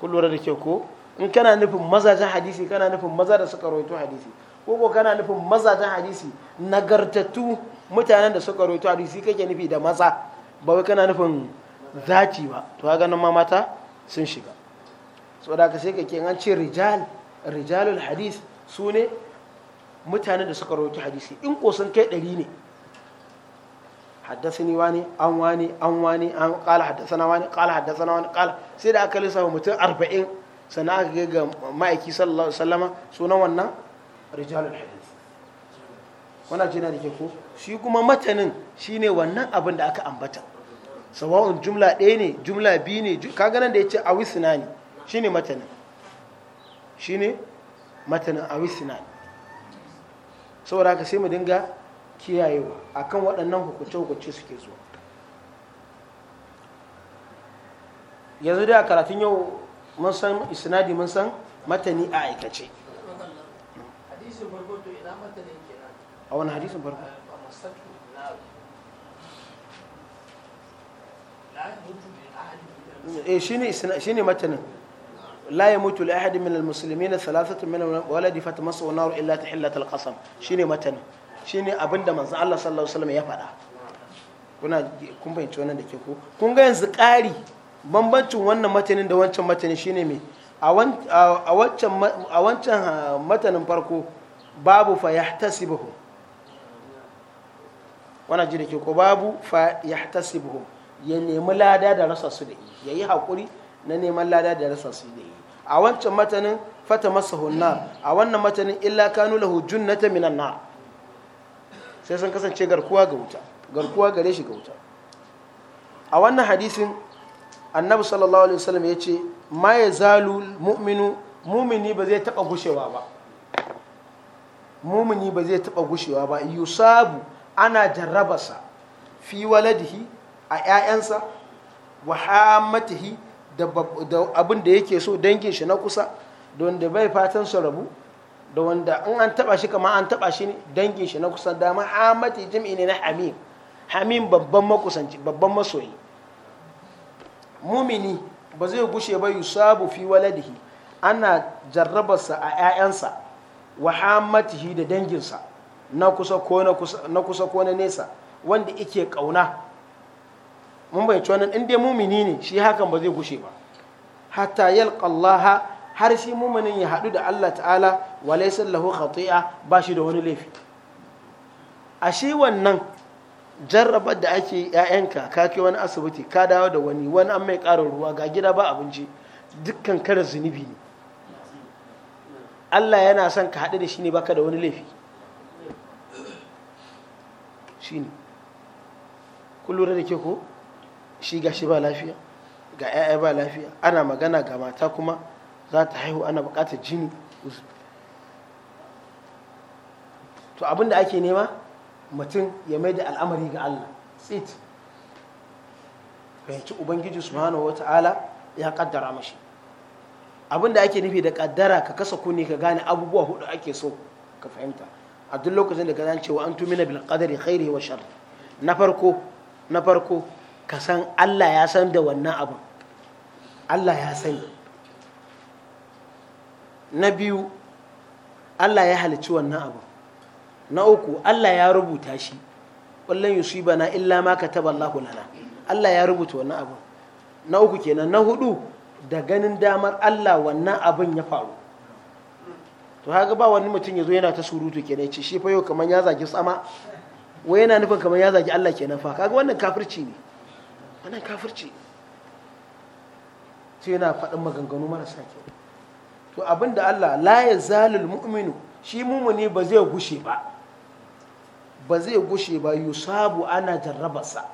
kun da ke ko in kana nufin mazajen hadisi kana nufin maza da suka rawaito hadisi ko kana nufin mazajen hadisi nagartattu mutanen da suka rawaito hadisi kake nufi da maza ba wai kana nufin zaci ba to ga nan ma mata sun shiga saboda ka sai kake an ce rijal rijalul hadis su ne mutanen da suka rawaito hadisi in ko sun kai ɗari ne haddasani wani an wani an wani an kala haddasana wani kala haddasana wani kala sai da aka lissafa mutum arba'in sannan aka ga ma'aiki sallallahu alaihi wasallama sunan wannan rijalul hadith wannan jina da ke ko shi kuma matanin shine wannan abin da aka ambata sawa'un jumla ɗaya ne jumla biyu ne kaga nan da ya ce sinani shi ne shine matanin shine matanin awi sinani saboda haka sai mu dinga kiyayewa akan waɗannan hukunce-hukunce suke zuwa yanzu da karatun yau mun san isnadi mun san matani a aikace a wani hadisin farko eh shine shine matanin la mutu la ahadin min almuslimin thalathatu min waladi fatamassu an-nar illa tahillat al-qasam shine matanin shine abinda manzon Allah sallallahu alaihi wasallam ya faɗa kuna kun fahimci wannan da ke ko kun ga yanzu kari bambancin wannan matanin da wancan matanin shine me a wancan matanin farko babu fa yahtasibuhu wana ji da ke ko babu fa yahtasibuhum ya nemi lada da rasa su da yi ya yi haƙuri na neman lada da rasa su da yi a wancan matanin fata masa hunna a wannan matanin illa kanu lahu ta minan na sai sun kasance garkuwa ga wuta garkuwa gare shi ga wuta a wannan hadisin annabi sallallahu alaihi wasallam ya ce ma ya zalu mu'minu mumini ba zai taba gushewa ba mumini ba zai taba gushewa ba yusabu ana jarrabarsa fi waladihi a 'ya'yansa wa hamatihi da abin da yake so dangin shi na kusa da wanda bai fatan su rabu da wanda in an taba shi kama an taba shi ne dangin shi na kusa dama hamati jim'i ne na hamim hamim babban makusanci babban masoyi mumini ba zai gushe ba yusabu fi waladihi ana jarrabarsa a 'ya'yansa wa hamatihi da danginsa na kusa ko na nesa wanda ike kauna mun bai cewa in dai mumini ne shi hakan ba zai gushe ba hatta yalqa Allah har shi muminin ya hadu da Allah ta'ala wa laysa lahu khati'a ba shi da wani laifi a shi wannan jarrabar da ake ‘ya'yanka ka kai wani asibiti ka dawo da wani wani an mai karin ruwa ga gida ba abinci dukkan kare zunubi ne Allah yana son ka haɗu da shi ne baka da wani laifi shi ne, kullum da ke ko shi ga shi ba lafiya ga 'ya'ya ba lafiya ana magana ga mata kuma za ta haihu ana bukatar jini to abin da ake nema mutum ya mai da al'amari ga Allah tsit fahimci ubangiji subhanahu wata'ala ya kaddara mashi abin da ake nufi da kaddara ka kasa kunne ka gane abubuwa hudu ake so ka fahimta a duk lokacin da ka zan cewa an tumina bil qadari khairi wa shar na farko na farko ka san Allah ya san da wannan abu Allah ya sani na biyu Allah ya halicci wannan abu na uku Allah ya rubuta shi wallan yusibana illa ma kataba Allahu lana Allah ya rubuta wannan abu na uku kenan na hudu da ganin damar Allah wannan abin ya faru to haka ba wani mutum ya zo yana ta surutu kenan ce shi fa yau kamar ya zagi sama wai yana nufin kamar ya zagi Allah kenan fa kaga wannan kafirci ne wannan kafirci to yana faɗin maganganu marasa kyau to abinda Allah la ya zalil mu'minu shi mumuni ba zai gushe ba ba zai gushe ba yusabu ana jarrabasa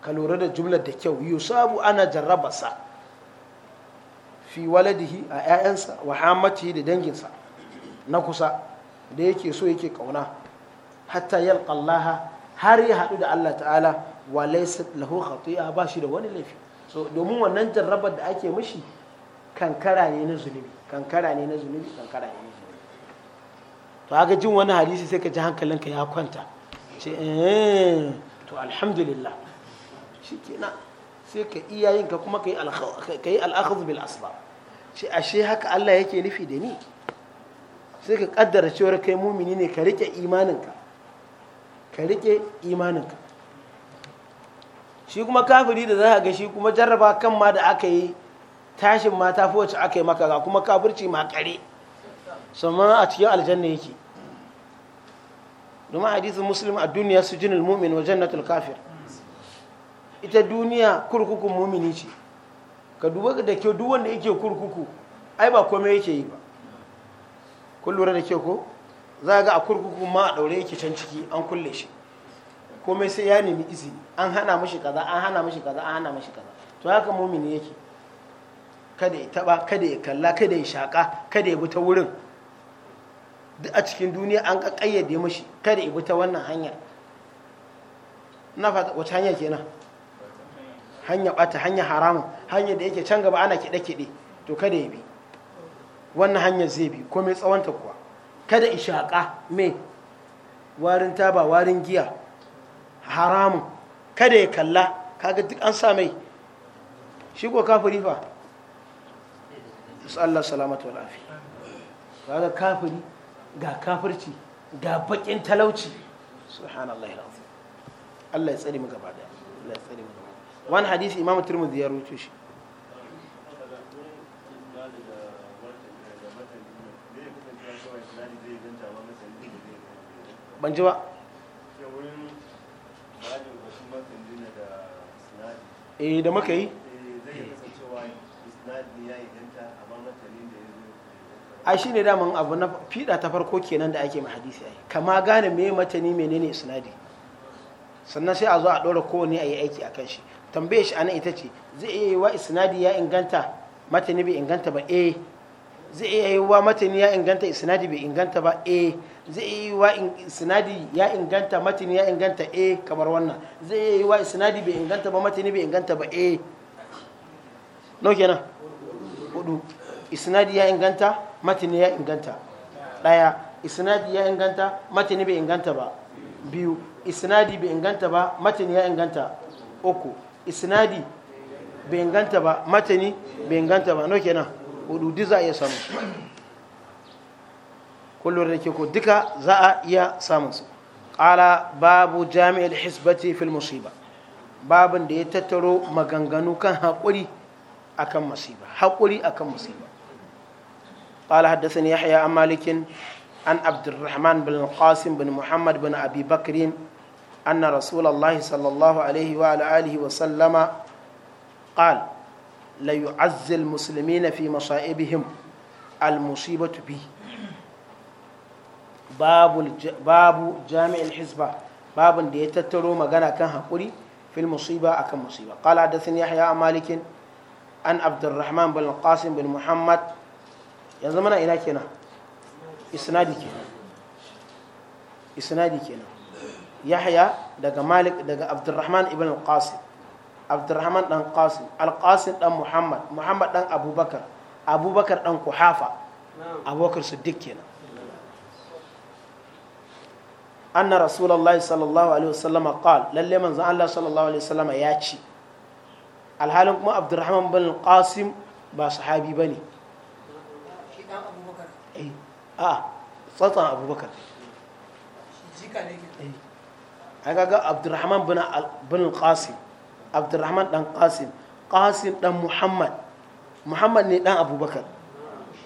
ka lura da jumlar da kyau yusabu ana jarrabasa fi waladihi a 'ya'yansa wa hamatihi da danginsa na kusa da yake so yake kauna hatta yalqa Allah har ya haɗu da Allah ta'ala wa laysa lahu khati'a ba shi da wani laifi so domin wannan jarrabar da ake mishi kankara ne na zunubi kankara ne na zunubi kankara ne na zunubi to haka jin wani hadisi sai ka ji hankalinka ya kwanta ce eh to alhamdulillah shikenan sai ka iya yin ka kuma ka yi al'akhadh bil asbab ce ashe haka Allah yake nufi da ni sai ka kaddara cewar kai mumini ne ka rike imaninka ka rike imaninka shi kuma kafiri da za a ga shi kuma jarraba kan ma da aka yi tashin ma ta wacce aka yi maka ga kuma kafirci ma kare sama a cikin aljanna yake domin hadisin musulmi a duniya su jinin mumin wa jannatul kafir ita duniya kurkukun mumini ce ka duba da kyau duk wanda yake kurkuku ai ba komai yake yi ba kun lura da ke ko za ga a kurkuku ma a ɗaure yake can ciki an kulle shi komai sai ya nemi izini an hana mashi kaza an hana mashi kaza an hana mashi kaza to haka mumini yake kada ya taba kada ya kalla kada ya shaka kada ya bi ta wurin duk a cikin duniya an kakkayyade mashi kada ya bi ta wannan hanyar na fata wata hanya kenan hanya bata hanya haramun hanya da yake can gaba ana kiɗe-kiɗe to kada ya bi wannan hanyar zai bi ko mai tsawonta kuwa kada ishaƙa me warin taba warin giya haramun kada ya kalla kaga duk an sa mai shi ko kafiri fa Allah salamatu wal kaga kafiri ga kafirci ga bakin talauci subhanallahi Allah ya tsare mu gaba daya Allah ya tsare mu gaba wani hadisi imamu ya shi ban ji ba eh da muka yi eh, shi ne daman abu na fiɗa ta farko kenan da ake mahadisi hadisi yi kama gane me matani menene sinadi sannan sai a zo a ɗora kowane a yi aiki a kan shi tambaye shi ana ita ce zai iya yi wa sinadi ya inganta matani bai inganta ba eh zai iya yi wa matani ya inganta sinadi bai inganta ba eh zai yi wa sinadi ya inganta matini ya inganta a eh, kamar wannan zai yi wa sinadi bai inganta ba matini bai inganta ba eh. a no kenan hudu isnadi ya inganta matini ya inganta daya isnadi ya inganta matini bai inganta ba biyu isnadi bai inganta ba matini ya inganta uku isnadi bai inganta ba matini bai inganta ba no kenan hudu duk za a iya samu kullum da ke ko duka za a iya samun su ƙala babu jami'ar hisbati fil musiba babin da ya tattaro maganganu kan haƙuri akan musiba haƙuri akan musiba ƙala haddasa ne yahya an malikin an abdurrahman bin qasim bin muhammad bin abi bakrin أن رسول الله صلى الله عليه وعلى آله وسلم قال ليعز fi في al-musiba به babu jami'in hisba babin da ya tattaro magana kan haƙuri fil musiba akan musiba qala hadathani yahya a malikin an abdurrahman bin qasim bin muhammad yanzu mana ina kenan isnadi kenan isnadi kenan yahya daga malik daga abdurrahman ibn qasim abdurrahman dan qasim al dan muhammad muhammad dan abubakar abubakar dan kuhafa abubakar siddiq kenan anna rasulullahi sallallahu alaihi wasallam qal lalle manzon Allah sallallahu alaihi wasallam ya ci, alhalin kuma abdurrahman bin qasim ba sahabi bane shi dan abubakar eh a tsatsan abubakar jika ne ke eh kaga abdurrahman bin bin qasim abdurrahman dan qasim qasim dan muhammad muhammad ne dan abubakar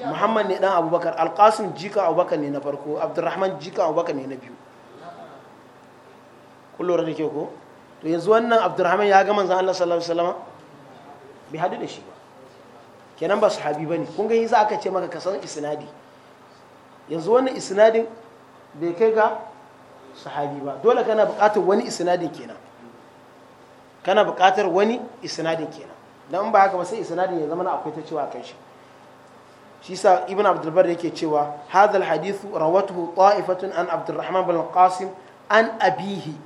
muhammad ne dan abubakar alqasim jika abubakar ne na farko abdurrahman jika abubakar ne na biyu kullum da ke ko to yanzu wannan abdurrahman ya ga manzan Allah sallallahu alaihi wasallam bai hadu da shi ba kenan ba sahabi bane kun ga yanzu aka ce maka kasan isnadi yanzu wannan isnadin bai kai ga sahabi ba dole kana buƙatar wani isnadin kenan kana buƙatar wani isnadin kenan dan ba haka ba sai isnadin ya zama na akwai ta cewa kan shi shi sa ibn abdulbar yake cewa hadha alhadith rawatuhu ta'ifatun an abdurrahman bin qasim an abihi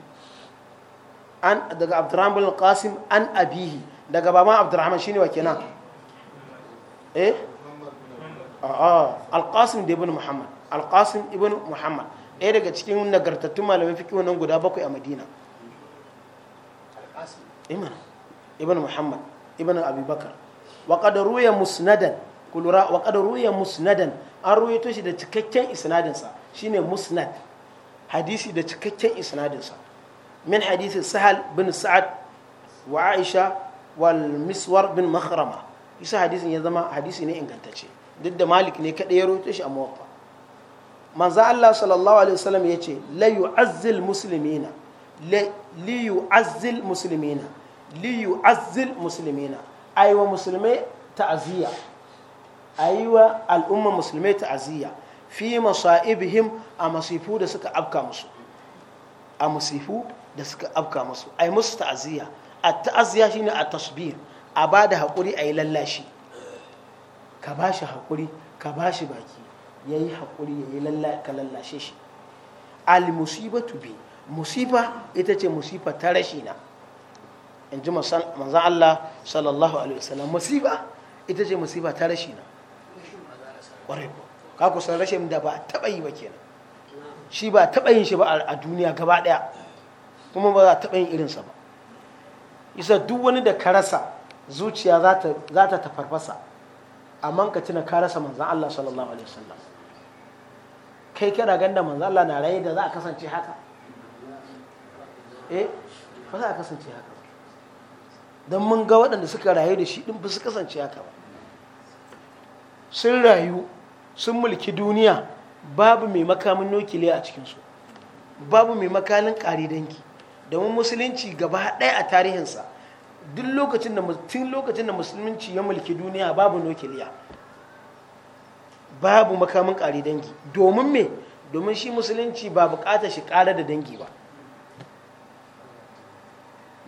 an daga abdurrahman bin qasim an abihi daga baban abdurrahman shine wa kenan eh a'a alqasim da ibn muhammad alqasim ibn muhammad ɗaya daga cikin nagartattun malamai fiqh nan guda bakwai a madina imana eh ibn muhammad ibn abubakar wa qad ruya musnadan kulura wa qad ruya musnadan an ruwaito shi da cikakken isnadinsa shine musnad hadisi da cikakken isnadinsa من حديث سهل بن سعد وعائشة والمسور بن مخرمة يسا حديث يزما حديث ني انغانتاتشي ضد مالك ني كدا يروتو شي اموطا manzo Allah sallallahu alaihi wasallam ya ce la yu'azzil muslimina li yu'azzil muslimina li yu'azzil muslimina aiwa musulmai ta'aziyya aiwa al'umma musulmai ta'aziyya fi masaibihim a masifu da suka afka musu a masifu da suka afka musu ai musu ta'aziyya a ta'aziyya shine a tasbir a ba da haƙuri a yi lallashi ka ba shi haƙuri ka ba shi baki ya yi haƙuri ya yi ka lallashe shi al-musibatu bi musiba ita ce musifa ta rashi na in ji manzan Allah sallallahu alaihi wasallam musiba ita ce musiba ta rashi na ƙwarai ka kusan rashin da ba a taɓa yi ba kenan shi ba taɓa yin shi ba a duniya gaba ɗaya kuma ba za ta yin irinsa ba isa duk wani da ka rasa zuciya za ta tafarfasa amma ka tuna ka rasa manzan Allah sallallahu alaihi wasallam kai kana ganda manzan Allah na raye da za a kasance haka eh ba za a kasance haka don mun ga waɗanda suka rayu da shi ɗin ba su kasance haka ba sun rayu sun mulki duniya babu mai makamin nukiliya a cikinsu babu mai makalin ƙari danki domin musulunci gaba ɗaya a tarihinsa duk lokacin da tun lokacin da musulunci ya mulki duniya babu nukiliya babu makamin ƙari dangi domin me domin shi musulunci ba buƙatar shi ƙara da dangi ba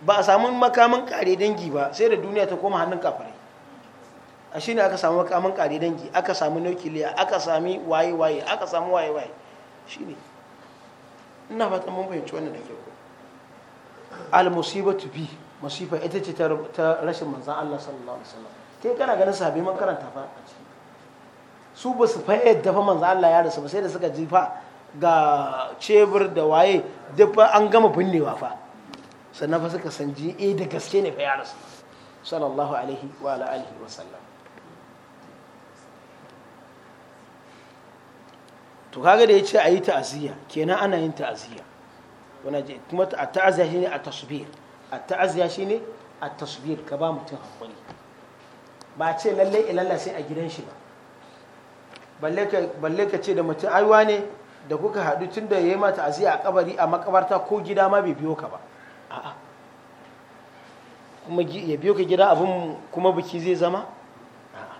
ba a samu makamin ƙari dangi ba sai da duniya ta koma hannun kafare. a shi ne aka samu makamin ƙari dangi aka samu nukiliya aka sami waye-waye aka samu waye-waye shi ne ina fatan mun fahimci wannan da kyau al-musibatu bi musifa ita ce ta rashin manzan Allah sallallahu alaihi wasallam kai kana ganin sahabbai man karanta fa a ciki su ba su fa yadda fa manzan Allah ya rasu ba sai da suka ji fa ga cebur da waye duk fa an gama binnewa fa sannan fa suka san ji eh da gaske ne fa ya rasu sallallahu alaihi wa ala alihi wa sallam to kaga da yace ayi ta'aziyya kenan ana yin ta'aziyya wani ji kuma a ta'aziya shine a tasbir a ta'aziya shine a tasbir ka ba mutum hankali ba ce lalle ilalla sai a gidan shi ba balle ka ce da mutum aiwa ne da kuka haɗu tun da ya yi mata aziya a kabari a makabarta ko gida ma bai biyo ka ba a'a kuma ya biyo ka gida abin kuma biki zai zama a'a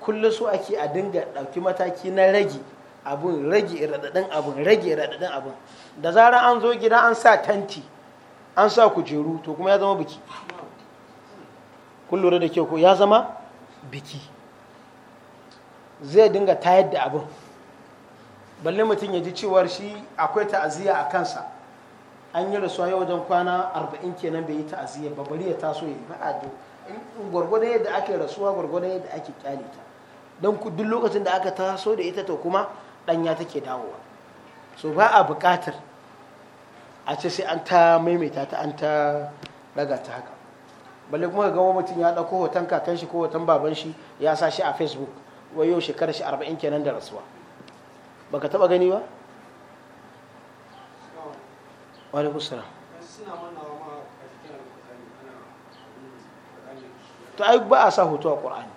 kullum su ake a dinga ɗauki mataki na rage abun rage raɗaɗin abun rage raɗaɗin abun da zarar an zo gida an sa tanti an sa kujeru to kuma ya zama biki kun da ke ko ya zama biki zai dinga tayar da abin balle mutum ya ji cewar shi akwai ta'aziyya a kansa an yi rasuwa yau wajen kwana arba'in kenan bai yi ta'aziyya ba bari ya taso ya ba a gwargwadon yadda ake rasuwa gwargwadon yadda ake kyale ta don duk lokacin da aka taso da ita to kuma ɗanya take dawowa so ba a buƙatar a ce sai an ta maimaita ta an ta daga ta haka balle kuma ga mutum ya ɗauko hoton kakan shi ko hoton baban shi ya sa shi a facebook yau shekarar shi arba'in kenan da rasuwa Ba ka taɓa gani ba wani kusura to ai ba a sa hoto a ƙur'ani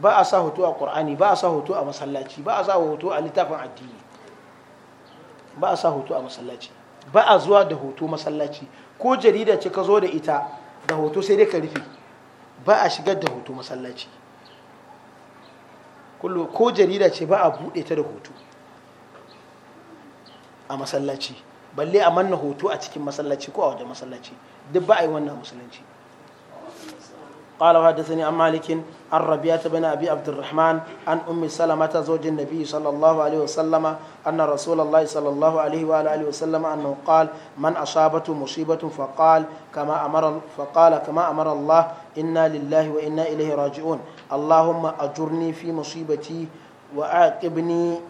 ba a sa hoto a ƙur'ani ba a sa hoto a masallaci ba a sa hoto a littafin addini ba a sa hoto a masallaci ba a zuwa da hoto masallaci ko jarida ce ka zo da ita da hoto sai dai ka rufe ba a shigar da hoto masallaci ko jarida ce ba a buɗe ta da hoto a masallaci balle a manna hoto a cikin masallaci ko a wajen masallaci duk ba a yi wannan musulunci قال وحدثني عن مالك عن ربيعة بن أبي عبد الرحمن عن أم سلمة زوج النبي صلى الله عليه وسلم أن رسول الله صلى الله عليه وآله وسلم أنه قال من أصابته مصيبة فقال كما أمر فقال كما أمر الله إنا لله وإنا إليه راجعون اللهم أجرني في مصيبتي وأعقبني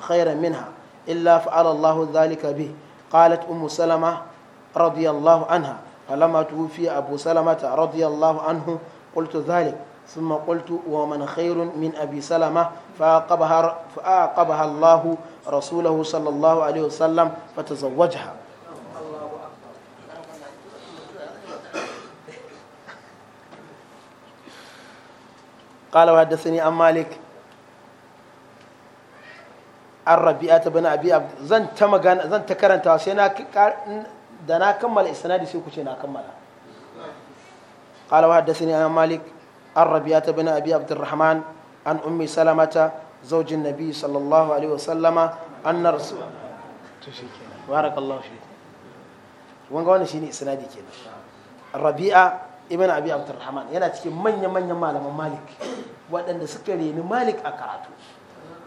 خيرا منها إلا فعل الله ذلك به قالت أم سلمة رضي الله عنها فلما توفي أبو سلمة رضي الله عنه قلت ذلك ثم قلت ومن خير من أبي سلمة فأعقبها, فأعقبها الله رسوله صلى الله عليه وسلم فتزوجها قال وحدثني عن مالك عن ربيعة بن أبي عبد زن تمغان زن تكرنتا سينا da na kammala isnadi sai ku ce na kammala قال وحدثني عن مالك عن بن أبي عبد الرحمن عن أم سلمة زوج النبي صلى الله عليه وسلم أن رسول بارك الله فيك wanga wannan shine isnadi kenan rabi'a ibn abi abdurrahman yana cikin manya manyan malaman malik waɗanda suka reni malik a karatu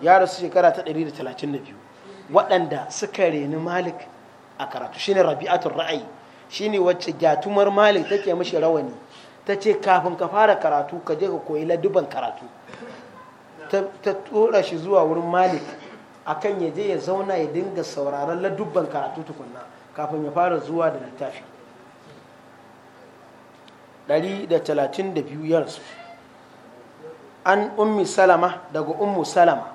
ya rasu shekara ta 132 waɗanda suka reni malik a karatu shine rabi'atul ra'ayi shine wacce gyatumar malik take mashi rawani ta ce kafin ka fara karatu ka je ka koyi laduban karatu ta tura shi zuwa wurin malik akan ya je ya zauna ya dinga sauraron ladubban karatu tukunna kafin ya fara zuwa da littafi 132 yarsu an ummi salama daga ummu salama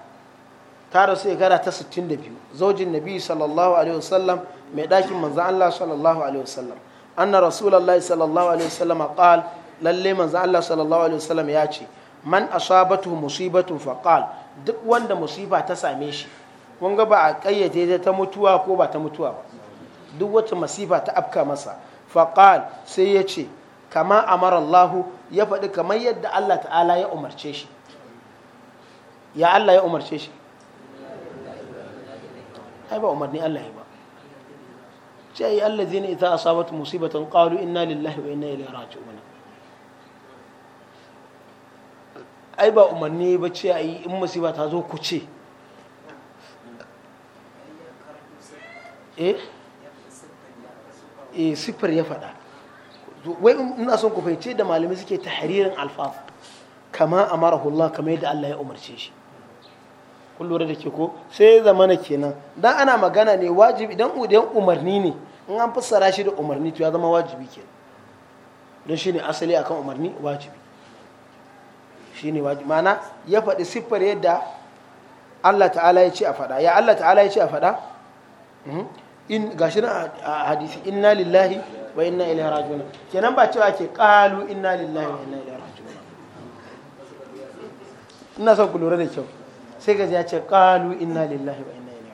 ta rasu shekara ta 62 zaujin nabi sallallahu alaihi wasallam mai ɗakin manzan Allah sallallahu alaihi wasallam anna rasulullahi sallallahu alaihi wasallam qal lalle manzan Allah sallallahu alaihi wasallam ya ce man asabatu musibatun faqal duk wanda musiba ta same shi kun ga ba a kayyade ta mutuwa ko ba ta mutuwa ba duk wata masifa ta afka masa faqal sai ya ce kama amara Allah ya faɗi kamar yadda Allah ta'ala ya umarce shi ya Allah ya umarce shi ai ba umarni Allah ya ba sai ya allazi ne ita asabat musibatan qalu inna lillahi wa inna ilaihi raji'un ai ba umarni ba ce ai in musiba ta zo ku ce eh, eh sifar ya faɗa wai ina son ku fahimce da malamai suke tahririn alfaf kama amarahu Allah kama yadda Allah ya umarce shi kun lura da ke ko sai ya zamana kenan dan ana magana ne wajibi idan udan umarni ne in an fassara shi da umarni to ya zama wajibi kenan don shine asali akan umarni wajibi shine wajibi mana ya faɗi siffar yadda Allah ta'ala ya ce a faɗa ya Allah ta'ala ya ce a faɗa hmm? in gashi na hadisi inna lillahi wa inna ilaihi raji'un kenan ba cewa ke qalu inna lillahi wa inna ilaihi raji'un ina son ku lura da kyau sai gaji ya ce ƙalu inna lillahi wa inna ilaihi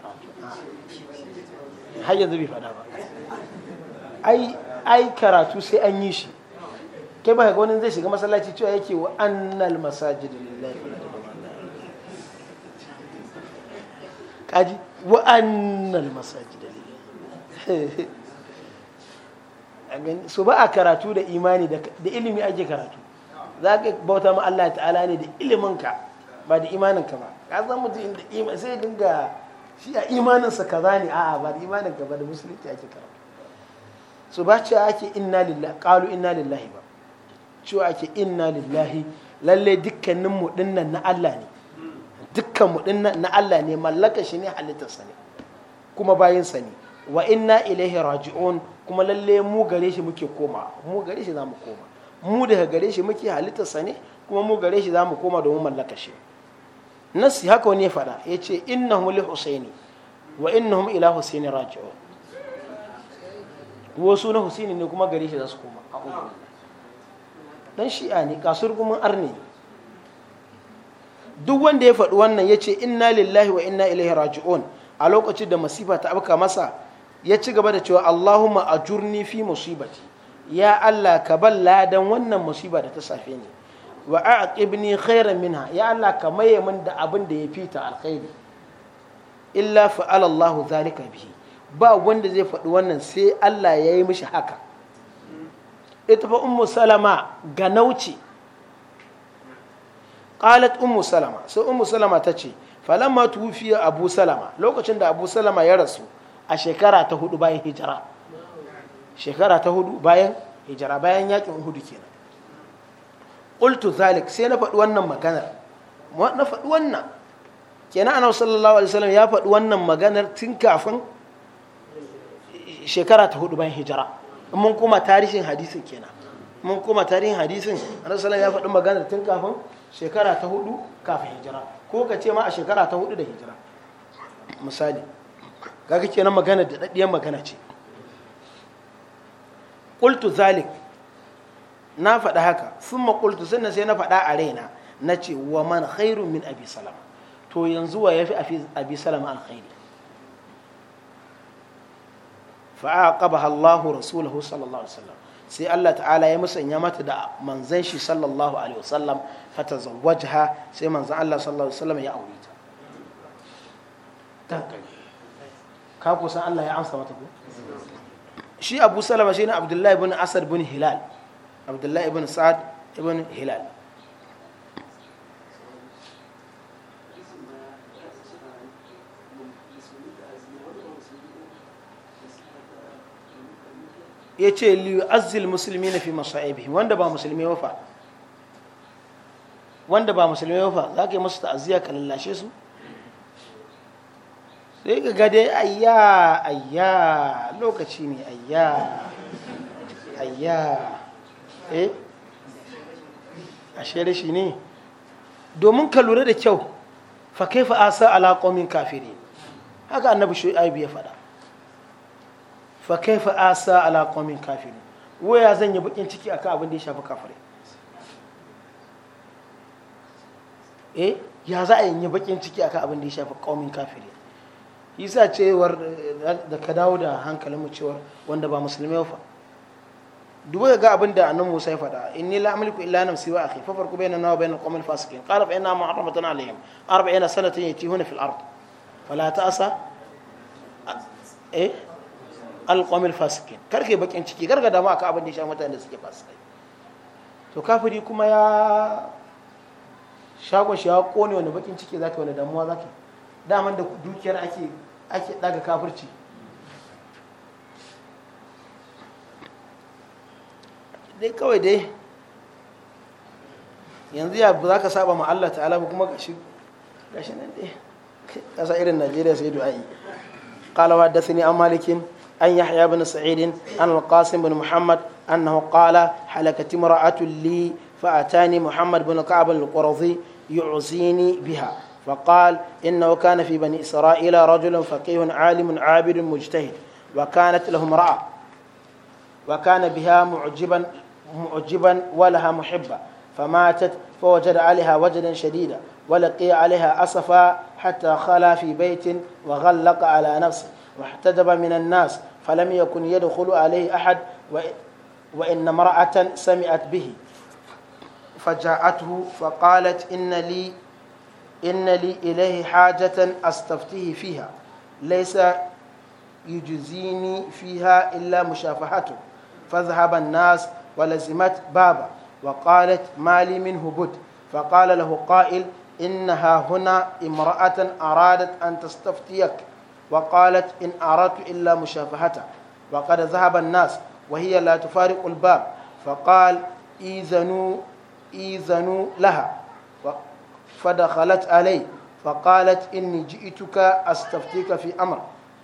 har yanzu bai faɗa ba ai ai karatu sai an yi shi kai ba ga wani zai shiga masallaci cewa yake wa annal masajid lillahi kaji wa annal masajid lillahi [laughs] so ba a karatu da imani da ilimi ake karatu za ka bauta ma Allah ta'ala ne da iliminka ba da imaninka ba ka zan mutum da ima sai dinga shi a imaninsa kaza ne a ba da imanin gaba da musulunci ake karatu su ba cewa ake inna lillahi qalu inna lillahi ba cewa ake inna lillahi lalle dukkanin mu dinnan na Allah ne dukkan mu dinnan na Allah ne mallaka shi ne halittarsa ne kuma bayan sa ne wa inna ilaihi raji'un kuma lalle mu gare shi muke koma mu gare shi zamu koma mu daga gare shi muke halittarsa ne kuma mu gare shi zamu koma domin mallaka shi nasi haka wani ya faɗa ya ce innahum li husaini wa innahum ila husaini raji'un wasu na husaini ne kuma gari shi za su koma a uku dan shi'a ne kasur kuma arni duk wanda ya faɗi wannan ya ce inna lillahi wa inna ilaihi raji'un a lokacin da masifa ta abka masa ya ci gaba da cewa Allahumma ajurni fi musibati ya Allah ka ban ladan wannan musiba da ta safe ni wa aqibni khairan minha ya Allah ka maye min da abin da ya fita alkhairi illa fa'ala allah zalika bihi ba wanda zai faɗi wannan sai Allah ya yi mishi haka ita fa ummu salama ga nauci qalat ummu salama sai ummu salama ta ce falamma tufiya abu salama lokacin da abu salama ya rasu a shekara ta hudu bayan hijira shekara ta hudu bayan hijira bayan yakin hudu kenan qultu sai na faɗi wannan maganar na faɗi wannan kenan annabi sallallahu ya faɗi wannan maganar tun kafin shekara ta hudu bayan hijira mun koma tarihin hadisin kenan mun koma tarihin hadisin annabi sallallahu ya faɗi maganar tun kafin shekara ta hudu kafin hijira ko ka ma a shekara ta hudu da hijira misali kaga kenan maganar da magana ce qultu na faɗa haka sun maƙultu sannan sai na faɗa a raina na ce wa man khairun min abi salama to yanzu wa ya fi abi salama alkhairi fa'aqabaha Allahu rasulahu sallallahu alaihi wasallam sai Allah ta'ala ya musanya mata da manzan shi sallallahu alaihi wasallam fatazawwajha sai manzan Allah sallallahu alaihi wasallam ya aure ta ka kusan Allah ya amsa mata ko shi Abu Salama shi ne Abdullahi bin Asad bin Hilal abdullahi ibn sa'ad ibn hilal ya ce liyu'azzil musulmi na fi masa'ibi wanda ba musulmi wafa wanda ba musulmi wafa za ka yi masu ta'aziyya ka lallashe su sai ka ga dai ayya ayya lokaci ne ayya ayya eh ashe rashi ne domin ka lura da kyau fa kaifa asa ala qaumin kafiri haka annabi shu'aib ya faɗa fa kaifa asa ala qaumin kafiri waya zan yi bakin ciki akan abin da ya shafi kafirai eh ya za a yi bakin ciki akan abin da ya shafi kafiri yi sa cewar eh, da ka dawo da hankalinmu cewar wanda ba ya fa duba ga abin da annabi Musa ya faɗa inni la amliku illa nafsi wa akhi fa bainana wa bainal qawmil fasiqin qala fa inna 40 sanatan yatihuna fil ard fala eh al qawmil fasiqin karke bakin ciki ma abin da sha mutane suke fasikai to kafiri kuma ya shagon shi ya kone wani bakin ciki zaka wani damuwa zaka daman da dukiyar ake ake daga kafirci dai kawai dai yanzu ya za ka saba ma Allah ta'ala ba kuma gashi gashi nan dai irin Najeriya sai du'a'i qala wa dathani an malikin an yahya bin sa'id an muhammad annahu qala halakat imra'atu li fa muhammad bin ka'ab yu'zini biha فقال إنه كان في بني إسرائيل رجل فقيه عالم عابد مجتهد وكانت له امرأة وكان بها معجبا معجبا ولها محبة فماتت فوجد عليها وجدا شديدا ولقي عليها أصفا حتى خلا في بيت وغلق على نفسه واحتجب من الناس فلم يكن يدخل عليه أحد وإن امرأة سمعت به فجاءته فقالت إن لي إن لي إليه حاجة أستفتيه فيها ليس يجزيني فيها إلا مشافهته فذهب الناس ولزمت بابا وقالت ما لي منه بد فقال له قائل إنها هنا امرأة أرادت أن تستفتيك وقالت إن أردت إلا مشافهتها وقد ذهب الناس وهي لا تفارق الباب فقال إيذنوا إيذنوا لها فدخلت علي فقالت إني جئتك أستفتيك في أمر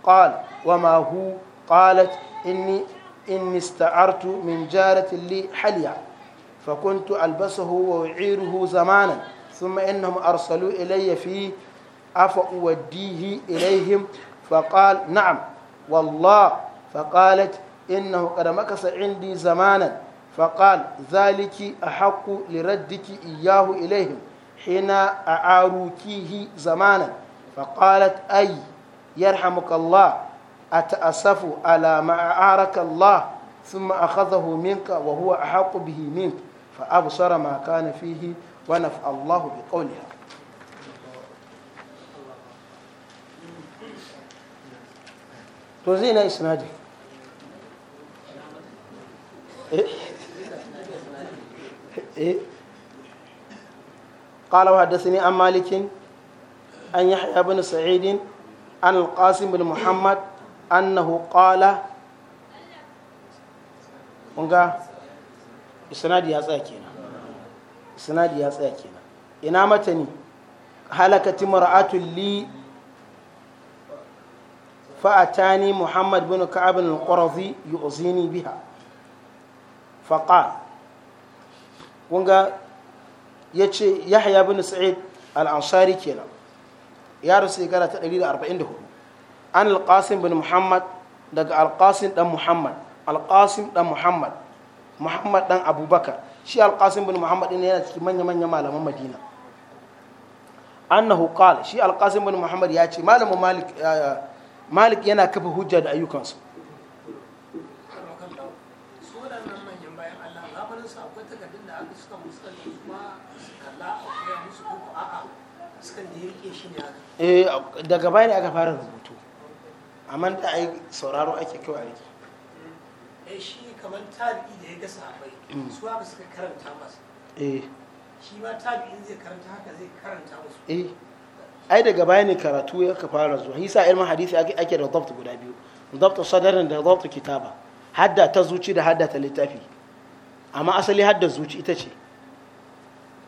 قال وما هو قالت إني إني استعرت من جارة لي حليا فكنت ألبسه وأعيره زمانا ثم إنهم أرسلوا إلي فيه أفأوديه إليهم فقال نعم والله فقالت إنه قد مكث عندي زمانا فقال ذلك أحق لردك إياه إليهم حين أعاروكيه زمانا فقالت أي يرحمك الله أتأسف على ما أعارك الله ثم أخذه منك وهو أحق به منك فأبصر ما كان فيه ونفع الله بقولها توزينا إسناده إيه؟ إيه؟ قال وحدثني عن مالك عن يحيى بن سعيد عن القاسم بن محمد annahu qala kunga isnadi ya tsaya kenan isnadi ya tsaya kenan ina mata ni halakati mar'atul li fa'atani muhammad bin ka'ab bin yi yu'zini biha faqa kunga yace yahya bin sa'id al-ansari kenan ya rusu gara ta 144 an alƙasim bin muhammad daga alƙasim ɗan muhammad alƙasim ɗan muhammad muhammad ɗan abubakar shi alƙasim bin muhammad ɗin yana cikin manya-manya malaman madina na qala shi alƙasim bin muhammad ya ce malamin malik yana kafa hujja da ayyukansu daga bayan aka fara rubutu a amma da ai sauraro ake kawai a rike eh shi kamar tabi'i da ya ga sahabbai mm. su haka suka karanta masa eh shi ma tabi'in zai karanta haka zai karanta musu eh ai daga baya ne karatu ya ka fara zuwa hisa ilmin hadisi ake da dabt guda biyu dabt sadarin da dabt kitaba hadda ta zuci da hadda ta littafi amma asali hadda zuci ita ce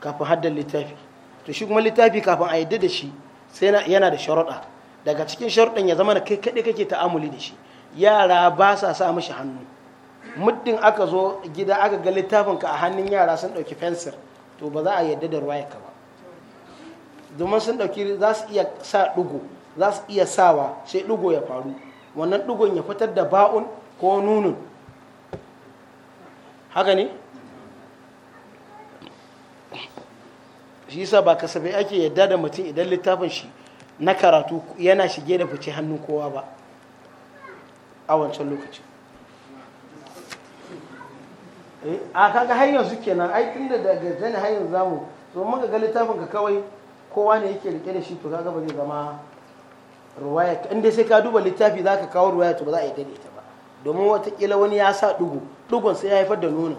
kafin hadda littafi to shi kuma littafi kafin a yadda da shi sai yana da sharuɗa daga cikin sharuɗin ya zama da kai kaɗai kake ta'amuli da shi yara ba sa sa mashi hannu muddin aka zo gida aka ga littafin ka a hannun yara sun ɗauki fensir to ba za a yadda da ka ba domin sun ɗauki za su iya sa ɗugo za su iya sawa sai ɗugo ya faru wannan ɗugon ya fitar da ba'un ko nunun haka ne shi yasa ba kasafai ake yadda da mutum idan littafin shi na karatu yana shige da fice hannun kowa ba a wancan lokaci eh, a kaga hanyar su kenan ai tunda daga zane hanyar zamu so muka ga littafin ka kawai kowa ne yake rike da shi to kaga ba zai zama ruwaya in dai sai ka duba littafi zaka kawo ruwaya to ba za a yi dade ta ba domin watakila wani ya sa dugu dugun sai ya haifar da nuna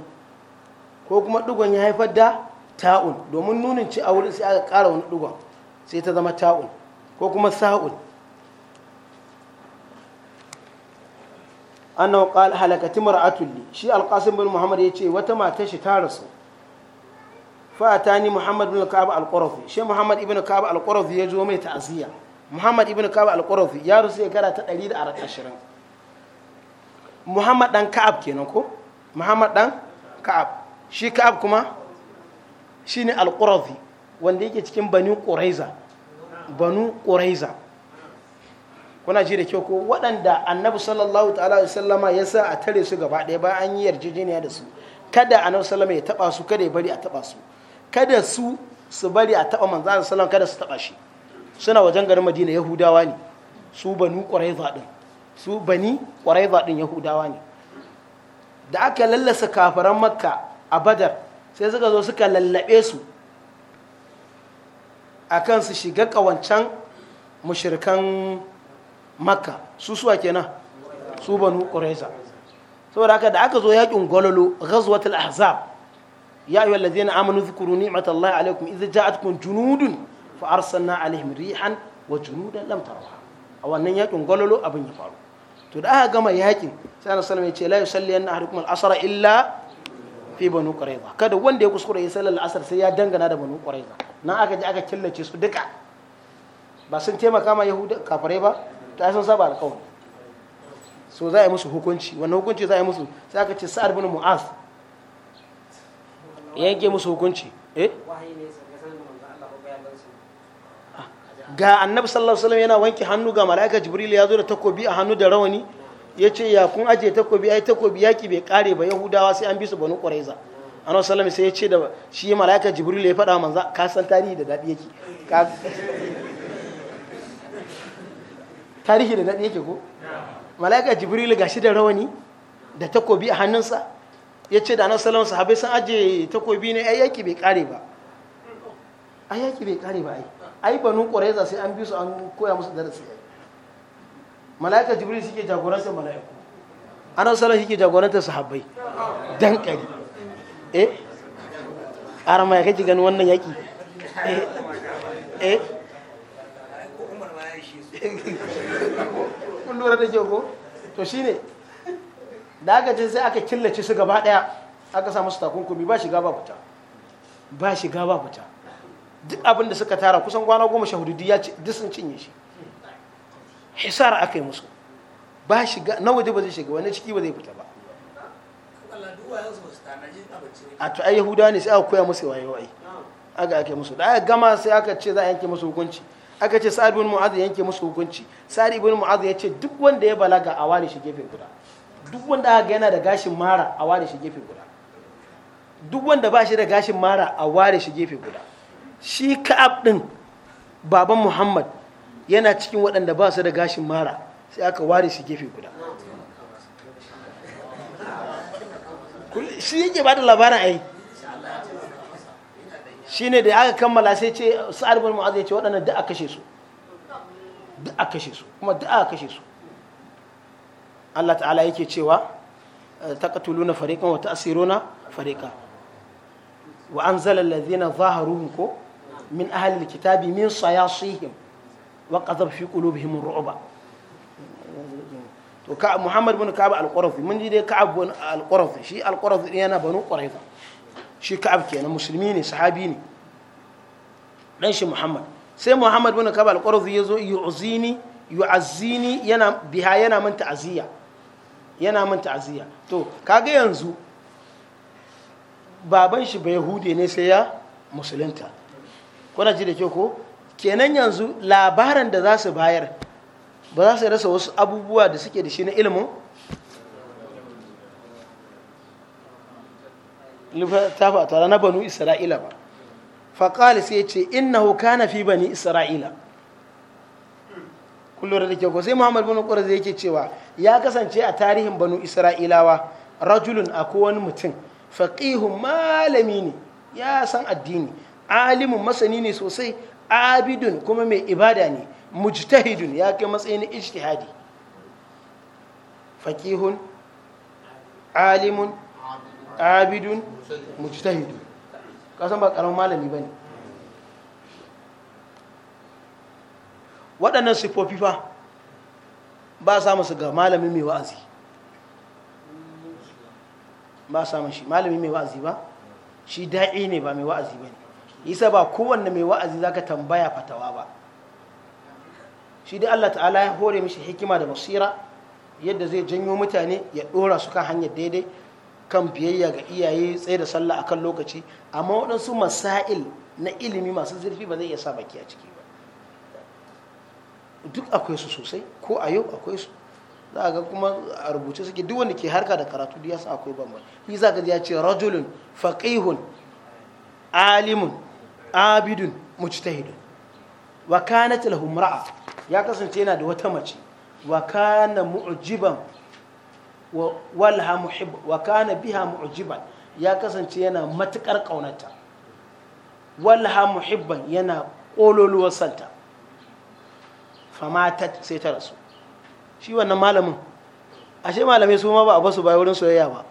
ko kuma dugun ya haifar da ta'un domin nunin ci a wurin sai aka ƙara wani dugun sai ta zama ta'un ko kuma sa'un annahu qala halakati mar'atun li shi alqasim bin muhammad yace wata mata shi ta rasu fa atani muhammad bin ka'ab al-qurafi shi muhammad ibn ka'ab al-qurafi ya zo mai ta'ziya muhammad ibn ka'ab al-qurafi ya rasu shekara ta 120 muhammad dan ka'ab kenan ko muhammad dan ka'ab shi ka'ab kuma shine al-qurafi wanda yake cikin bani quraiza banu ƙuraiza kuna ji da kyau ko waɗanda annabi sallallahu ta'ala sallama ya sa a tare su gaba ɗaya bayan an yi yarjejeniya da su kada annabi sallama ya taɓa su kada ya bari a taɓa su kada su su bari a taɓa manzan sallam kada su taɓa shi suna wajen garin madina yahudawa ne su banu ƙuraiza ɗin su bani ƙuraiza ɗin yahudawa ne da aka lallasa kafaran makka a badar sai suka zo suka lallabe su kan su shiga ƙawancen mushirikan makka su suwa kenan su banu ƙuraiza saboda haka da aka zo yakin gwalolo ghazwatul ahzab ya na ladzina amanu dhkuru ni'matallahi alaykum idza ja'atkum junudun fa arsalna alaihim rihan wa junudan lam a wannan yakin gwalolo abin ya faru to da aka gama yaƙin sai annabi sallallahu ya ce la yusalli anna ahadukum al-asra illa fi banu quraiza kada wanda ya kuskura ya sallar asar sai ya dangana da banu quraiza nan aka ji aka killace su duka ba sun taimaka ma yahuda kafirai ba ta sun saba alƙawari so za a yi musu hukunci wannan hukunci za a yi musu sai aka ce sa'ad bin mu'az ya yanke musu hukunci eh? ga annabi sallallahu alaihi wasallam yana wanke hannu ga mala'ika jibril ya zo da takobi a hannu da rawani ya ce ya kun aje takobi ai takobi yaki bai kare ba yahudawa sai an bi su banu ƙwaraiza annabi sallam sai ya ce da shi malaika jibril ya faɗa manza ka san tarihi da daɗi yake tarihi da daɗi yake ko malaika jibril gashi da rawani da takobi a hannunsa ya ce da annabi sallam sahabbai sun aje takobi ne ai yaki bai kare ba ai yaki bai kare ba ai ai banu ƙwaraiza sai an bi su an koya musu darasi mala'ika jibril shi jagorantar mala'iku ana salon shi jagorantar sahabbai dan kare eh arama ya kaji gani wannan yaki eh eh umar ma ya shi su kun lura da ke ko to shine da aka ce sai aka killace su gaba daya aka samu su takunkumi ba shiga ba fita ba shiga ba fita duk abin da suka tara kusan kwana goma sha hudu duk sun cinye shi hisar aka yi musu ba shiga na waje ba zai shiga wani ciki ba zai fita ba a to ai yahudawa ne sai aka koya musu waye waye aka ake musu da aka gama sai aka ce za a yanke musu hukunci aka ce sa'ad ibn mu'adh yanke musu hukunci sa'ad ibn mu'adh ya ce duk wanda ya balaga a ware shi gefe guda duk wanda aka ga yana da gashin mara a ware shi gefe guda duk wanda ba shi da gashin mara a ware shi gefe guda shi ka'ab din baban muhammad yana cikin waɗanda ba su da gashin mara sai aka ware su gefe guda shi yake ba da labarin ai shi ne da aka kammala sai ce su bin mu'az ya ce waɗanda duk a kashe su duk a kashe su kuma duk a kashe su Allah ta'ala yake cewa eh, taqtuluna fariqan wa ta'siruna fariqa wa anzala alladhina zaharuhum ko min ahli alkitabi min sayasihim wa qadhab fi to ka Muhammad bin Ka'ab al mun ji dai Ka'ab bin al shi al yana banu shi Ka'ab kenan musulmi ne sahabi ne dan shi Muhammad sai Muhammad bin Ka'ab al yazo yu'zini yu'azzini yana biha yana min ta'ziya yana min ta'ziya to kaga yanzu baban shi ba Yahude ne sai ya musulunta kuna ji da ke ko kenan yanzu labaran da za su bayar ba za su rasa wasu abubuwa da suke da shi na ilimin littafi a na banu isra'ila ba faƙali sai ce innahu na fi bani isra'ila kullum da kyau sai muhammad bin ƙwarar zai yake cewa ya kasance a tarihin banu isra'ilawa rajulun a wani mutum faƙihun malami ne ya san addini alimin masani ne sosai abidun kuma mai ibada ne mujtahidun ya kai matsayin ijtihadi fakihun alimun abidun mujtahidun kasan ba karamin malami ba ne waɗannan siffofi fa ba samu su ga malami mai wa'azi ba samu shi malami mai wa'azi ba shi da'i ne ba mai wa'azi ba ne isa ba kowanne mai wa'azi zaka tambaya fatawa ba shi dai Allah ta'ala ya hore mishi hikima da basira yadda zai janyo mutane ya ɗora su kan hanyar daidai kan biyayya ga iyaye tsaye da sallah akan lokaci amma waɗansu masail na ilimi masu zurfi ba zai iya sa baki a ciki ba duk akwai su sosai ko a yau akwai su za a ga kuma a rubuce suke duk wanda ke harka da karatu da ya sa akwai bambam shi za ka ya ce rajulun faqihun alimun abidun mujtahidun wa kanat ra'a ya kasance yana da wata mace wa kana mu'jiban walha muhib wa kana biha mu'jiban ya kasance yana matukar kaunarta walha muhibban yana kololuwar santa famatat sai ta rasu shi wannan malamin ashe malamai su ma ba a basu bai wurin soyayya ba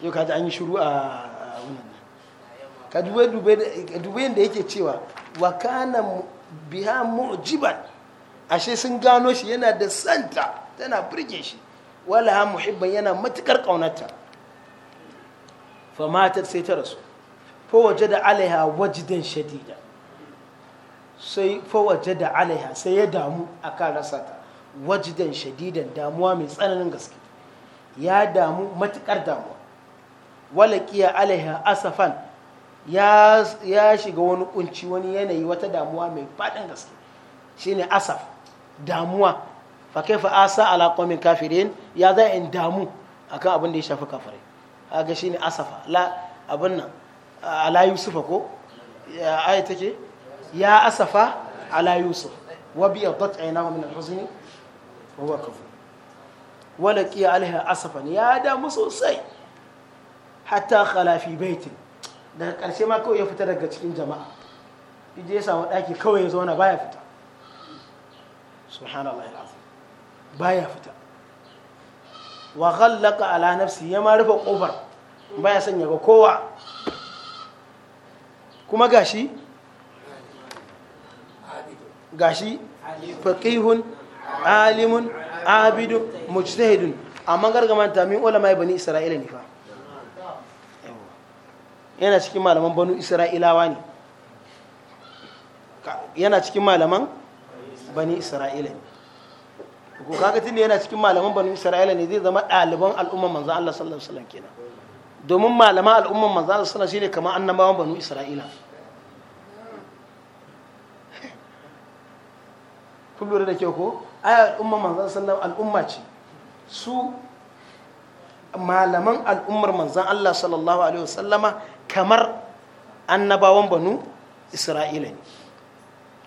yau kaji an yi shuru a wannan ka dubai yadda yake cewa wa kana biha mu'jiban ashe sun gano shi yana da santa tana birge shi wala ha muhibban yana matukar kaunarta fa sai ta rasu fa waje da alaiha wajidan shadida sai fa waje da alaiha sai ya damu a kan rasa ta wajidan shadidan damuwa mai tsananin gaske ya damu matukar damuwa walaƙiya alaiha asafan ya shiga wani kunci wani yanayi wata damuwa mai faɗin gaske shine asaf damuwa fa kaifa asa ala qaumin kafirin ya za in damu akan abin da ya shafi kafirai kaga shine asafa la abin nan ala yusufa ko ayi take ya asafa ala yusuf wa bi yadat aynahu min al-huzni wa huwa kafur walaqiya alaiha asafan ya damu sosai hatta khalafi baitin daga ƙarshe ma kawai ya fita daga cikin jama'a ije ya samu ɗaki kawai ya zauna baya fita subhanallah alazim baya fita wa ghallaqa ala nafsi ya ma rufe kofar baya sanya ga kowa kuma gashi gashi faqihun alimun abidun mujtahidun amma gargamanta min ulama bani isra'ila ne fa yana cikin malaman banu isra'ilawa ne yana cikin malaman bani isra'ila ne ko kaga tunda yana cikin malaman banu isra'ila ne zai zama ɗaliban al'umman manzan Allah sallallahu alaihi wasallam kenan domin malaman al'umman manzo Allah sallallahu alaihi wasallam shine kamar annabawan banu isra'ila kun lura da kyau ko ai al'umman manzo sallallahu al'umma ce su malaman al'ummar manzan Allah sallallahu alaihi wasallama kamar annabawan banu isra'ila ne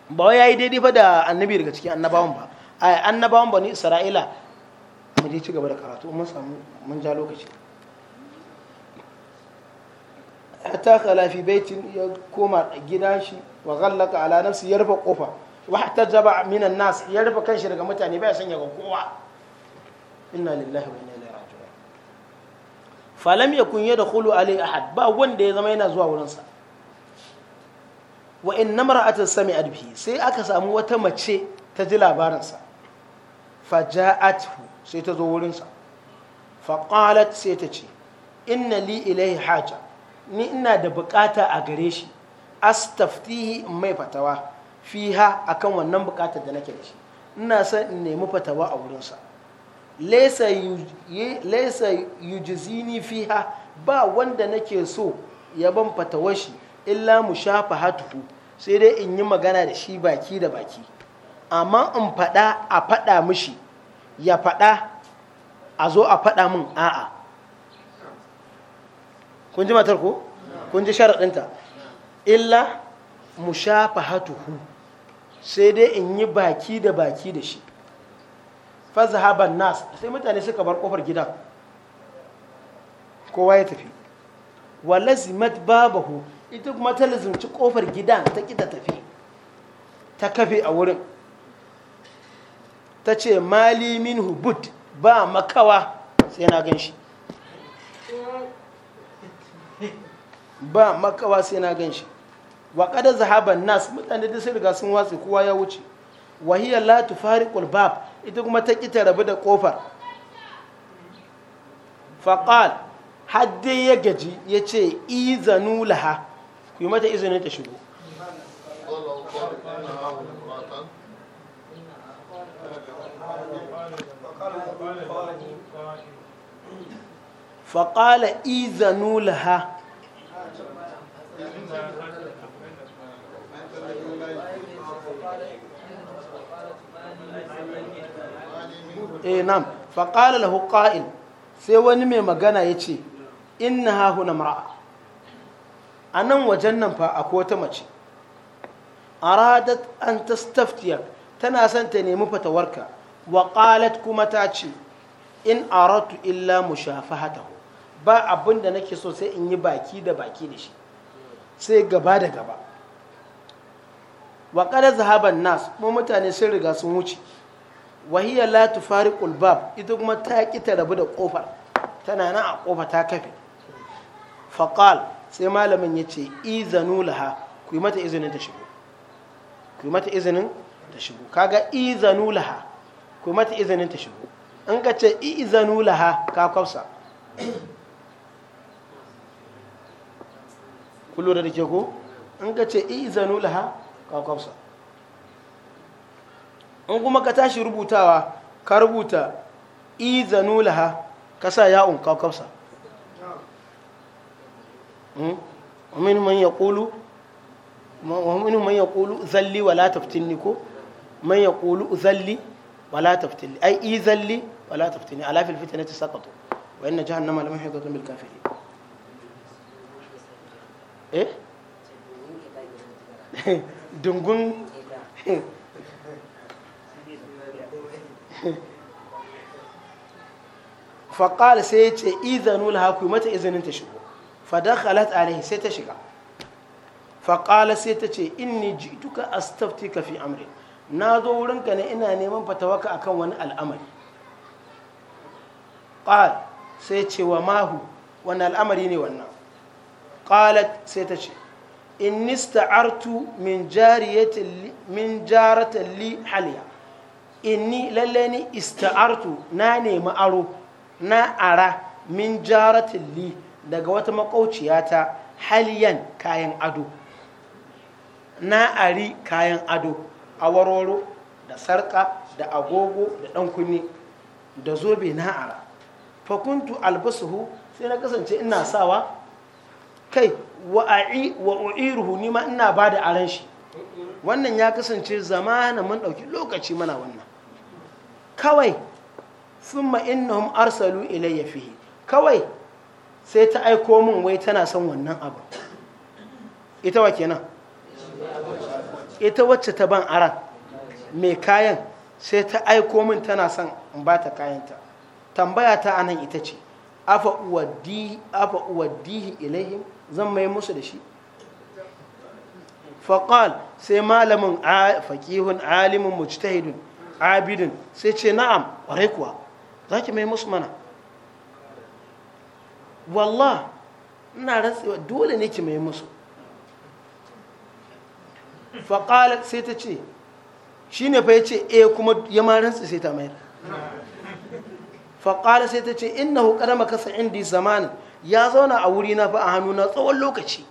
ba wai yayi daidai ba da annabi daga cikin annabawan ba ai annabawan banu isra'ila mu je ci gaba da karatu mun samu mun ja lokaci hatta fi baitin ya koma gidan shi wa ghallaka ala nafsi wa hatta minan nas ya rufe kanshi daga mutane ba ya sanya ga kowa inna lillahi wa falam yakun yadkhulu alai ahad ba wanda ya zama yana zuwa wurinsa wa in inna mar'atan sami bihi sai aka samu wata mace ta ji labarinsa faja'athu sai ta zo wurinsa faqalat sai ta ce inna li ilai haja ni ina da bukata a gare shi astaftihi mai fatawa fiha akan wannan bukatar da nake da shi ina son in nemi fatawa a wurinsa laisa fi fiha ba wanda nake so ya ban fatawashi illa mu shafa hatuhu sai dai in yi magana da shi baki da baki amma in faɗa a faɗa mishi ya faɗa a zo a faɗa min a'a kun ji matar ko kun ji sharaɗinta illa mu shafa hatuhu sai dai in yi baki da baki da shi fazhaban nas sai mutane suka bar kofar gidan kowa ya tafi wa lazimat babahu ita kuma ta lazimci kofar gidan ta ki ta tafi ta kafe a wurin ta ce mali minhu but ba makawa sai na gan shi ba makawa sai na gan shi wa kada zahaban nas mutane da sai riga sun watsi kowa ya wuce wa hiya la tufariqul bab ita kuma ta ta rabu da ƙofar faqal hadde ya gaji ya ce izanu laha ku yi mata izinin ta shigo faƙala izanu laha eh nam fa qala lahu sai wani mai magana yace inna ha huna mar'a anan wajen nan fa akwai wata mace aradat an tastaftiyak tana son ta nemi fatawarka wa qalat kuma ta ce in aratu illa mu shafi mushafahatahu ba abin da nake so sai in yi baki da baki da shi sai gaba da gaba wa qala zahaban nas mu mutane sun riga sun wuce wahiyar latu fari bab ita kuma ta ƙi ta rabu da ƙofar tana na a ƙofa ta kafe faƙal sai malamin ya ce izanu laha ku yi mata izinin ta shigo ku yi mata izinin ta shigo ka ga izanu laha ku yi mata izinin ta shigo in ka ce izanu laha ka kwafsa ku lura da ke ku in ka ce izanu laha ka kwafsa in kuma ka tashi rubutawa ka rubuta izanu laha ka sa ya kulu hmm? zalli [laughs] faƙal sai ya ce izanul haku mata izinin ta shigo fadakhalat alaihi sai ta shiga faƙala sai ta ce inni jituka astaftika fi amri na zo wurinka ne ina neman fatawaka akan wani al'amari ƙal sai ce wa mahu wani al'amari ne wannan ƙalat sai ta ce nista sta'artu min jaratan li haliya inni lalle ni ista'artu na nemi aro na ara min jaratin li daga wata makauciyata haliyan kayan ado na ari kayan ado a waroro da sarka da agogo da dan kunni da zobe na ara fakuntu albasuhu sai na kasance ina sawa kai wa'a'i wa'u'iruhu ni ma ina ba da aran shi wannan ya kasance zamanin mun ɗauki lokaci mana wannan kawai summa innahum arsalu ilayya fihi kawai sai ta aiko min wai tana son wannan abu ita wa kenan ita wacce ta ban aran mai kayan sai ta aiko min tana son in ba ta kayanta tambaya ta anan ita ce afa uwaddihi ilayhim zan mai musu da shi faƙal sai malamin faƙihun alimin mujtahidun abidin sai ce na'am ware kuwa za ki mai musu mana wallah ina rantsewa dole ne ki mai musu faƙala sai ta ce shi ne fa ya ce e kuma ya ma rantsi sai ta mayar faƙala sai ta ce ina hukar makasa indi zamani ya zauna a wuri na fa a hannu na tsawon lokaci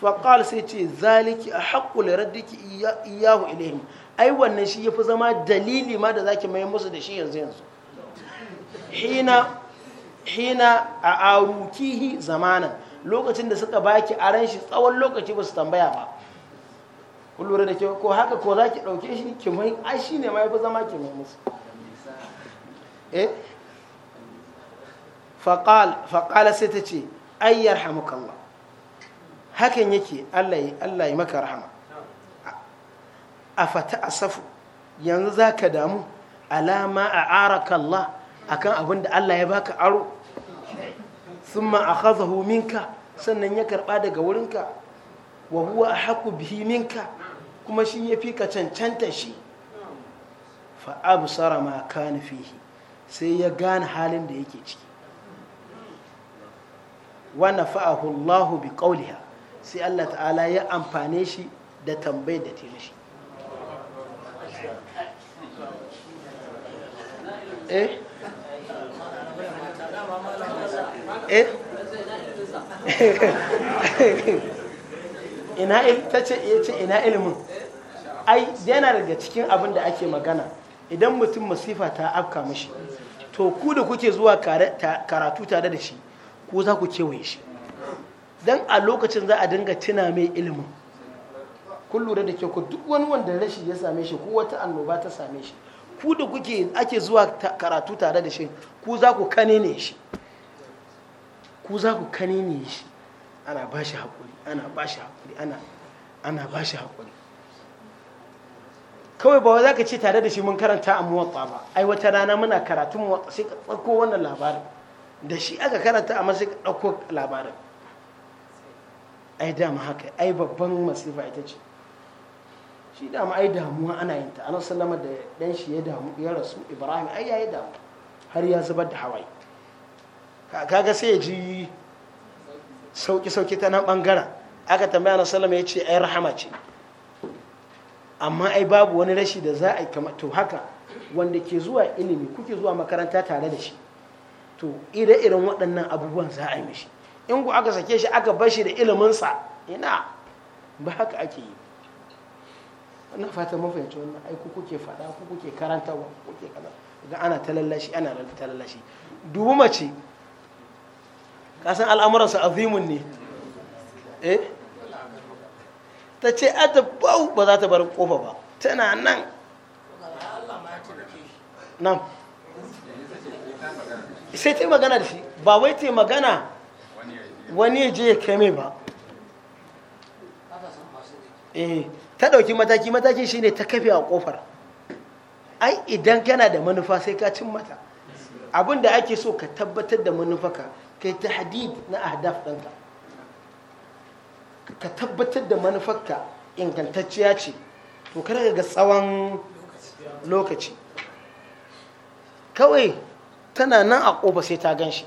faƙala sai ce zaliki a haƙƙula raddiki iyahu ilihim ai wannan shi ya fi zama dalili ma da zaki mai musu da shi yanzu yanzu hina a arukihi zamanin lokacin da suka baki aran shi tsawon lokaci ba su tambaya ba kun lura da kyau ko haka ko za ki ɗauke shi ki mai ai shi ne ma ya fi zama ki mai musu eh faƙala sai ta ce ayyar hamukallah hakan yake allah ya maka rahama a fata safu yanzu za ka damu alama a araka Allah akan abin da Allah ya baka aro sun ma'akazahu minka sannan ya karɓa daga wurinka wa huwa a haku bihi minka kuma shi ya fi ka cancanta shi fa'abusara ma kana sai ya gane halin da yake ciki wannan fa'ahullahu bi ƙauliya sai Allah ta'ala ya amfane shi da tambayi da ta eh eh [laughs] ina ta ce ina ilimin ai yana daga cikin abin da ake magana idan mutum masifa ta afka mashi to ku da kuke zuwa karatu tare da shi ku za ku kewaye shi don a lokacin za a dinga tuna mai ilimin kun lura da kyau ku duk wani wanda rashi ya same shi ko wata annoba ta same shi ku da kuke ake zuwa karatu tare da shi ku za ku kane ne shi ku za ku kane ne shi ana ba shi haƙuri ana ba shi haƙuri ana ba shi haƙuri kawai ba za ka ce tare da shi mun karanta a muwatsa ba ai wata rana muna karatu muwatta sai ka ɗauko wannan labarin da shi aka karanta a sai ka ɗauko labarin ai dama haka ai babban masifa ita ce shi da ai damuwa ana yin ta anan sallama da dan shi ya damu ya rasu ibrahim ai ya damu har ya zubar da hawaye ga sai ya ji sauki sauki ta nan bangaren aka tambaya na sallama ya ce ai rahama ce amma ai babu wani rashi da za a yi kamar to haka wanda ke zuwa ilimi kuke zuwa makaranta tare da shi to ire-iren waɗannan abubuwan za a yi mishi in ku aka sake shi aka bar shi da iliminsa ina ba haka ake yi ina fata mun wannan ai kuke faɗa kuke karanta ko kuke kaza ga ana talallashi ana ta lallashi dubu mace kasan al'amuransa azimun ne eh ta ce ata bau ba za ta bar kofa ba tana nan nan sai ta yi magana da shi ba wai ta yi magana wani ya je ya kame ba eh ta ɗauki mataki mataki shi ne ta kafe a ƙofar ai idan kana da manufa sai ka cin mata abin da ake so ka tabbatar da manufaka kai ta hadid na ahdaf ɗanka ka tabbatar da manufarka ingantacciya ce to kada ga tsawon lokaci kawai tana nan a ƙofa sai ta gan shi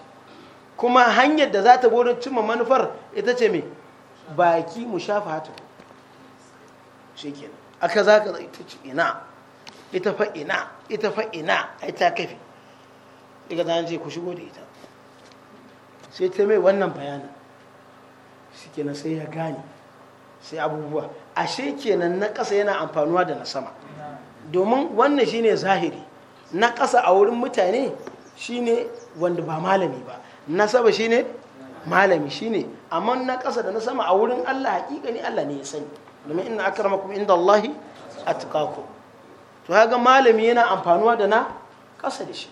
kuma hanyar da za ta wurin cimma manufar ita ce mai baki mu shafa hatu shikenan aka za ka ita ce ina ita fa ina ita fa ina ai ta kafi daga zan ce ku shigo da ita sai ta mai wannan bayanin na sai ya gane sai abubuwa ashe nan na ƙasa yana amfanuwa da na sama domin wannan shine zahiri na ƙasa a wurin mutane shine wanda ba malami ba na saba shine malami shine amma na ƙasa da na sama a wurin Allah hakika ne Allah ne ya sani domin inna akramakum inda Allahi atqakum to haka malami yana amfanuwa da na kasa da shi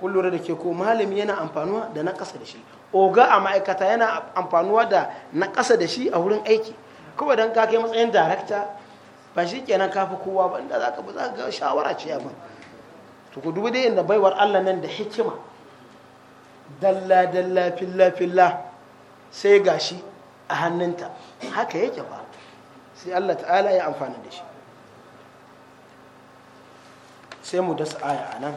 kun da ke ko malami yana amfanuwa da na kasa da shi oga a ma'aikata yana amfanuwa da na kasa da shi a wurin aiki kawai don ka matsayin darakta ba shi kenan nan fi kowa ba inda za ka ba za ka shawara ce ba to ku dubi dai inda baiwar Allah nan da hikima dalla dalla filla filla sai gashi a hannunta haka yake ba sai Allah ta'ala ya amfani da shi sai mu dasa aya a nan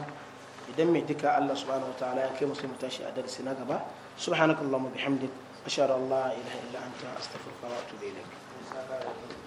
idan mai duka Allah subhanahu ta'ala ya kai mu sai mu tashi a darasi na gaba subhanakallahumma bihamdik ashhadu an la ilaha illa anta astaghfiruka wa atubu ilaik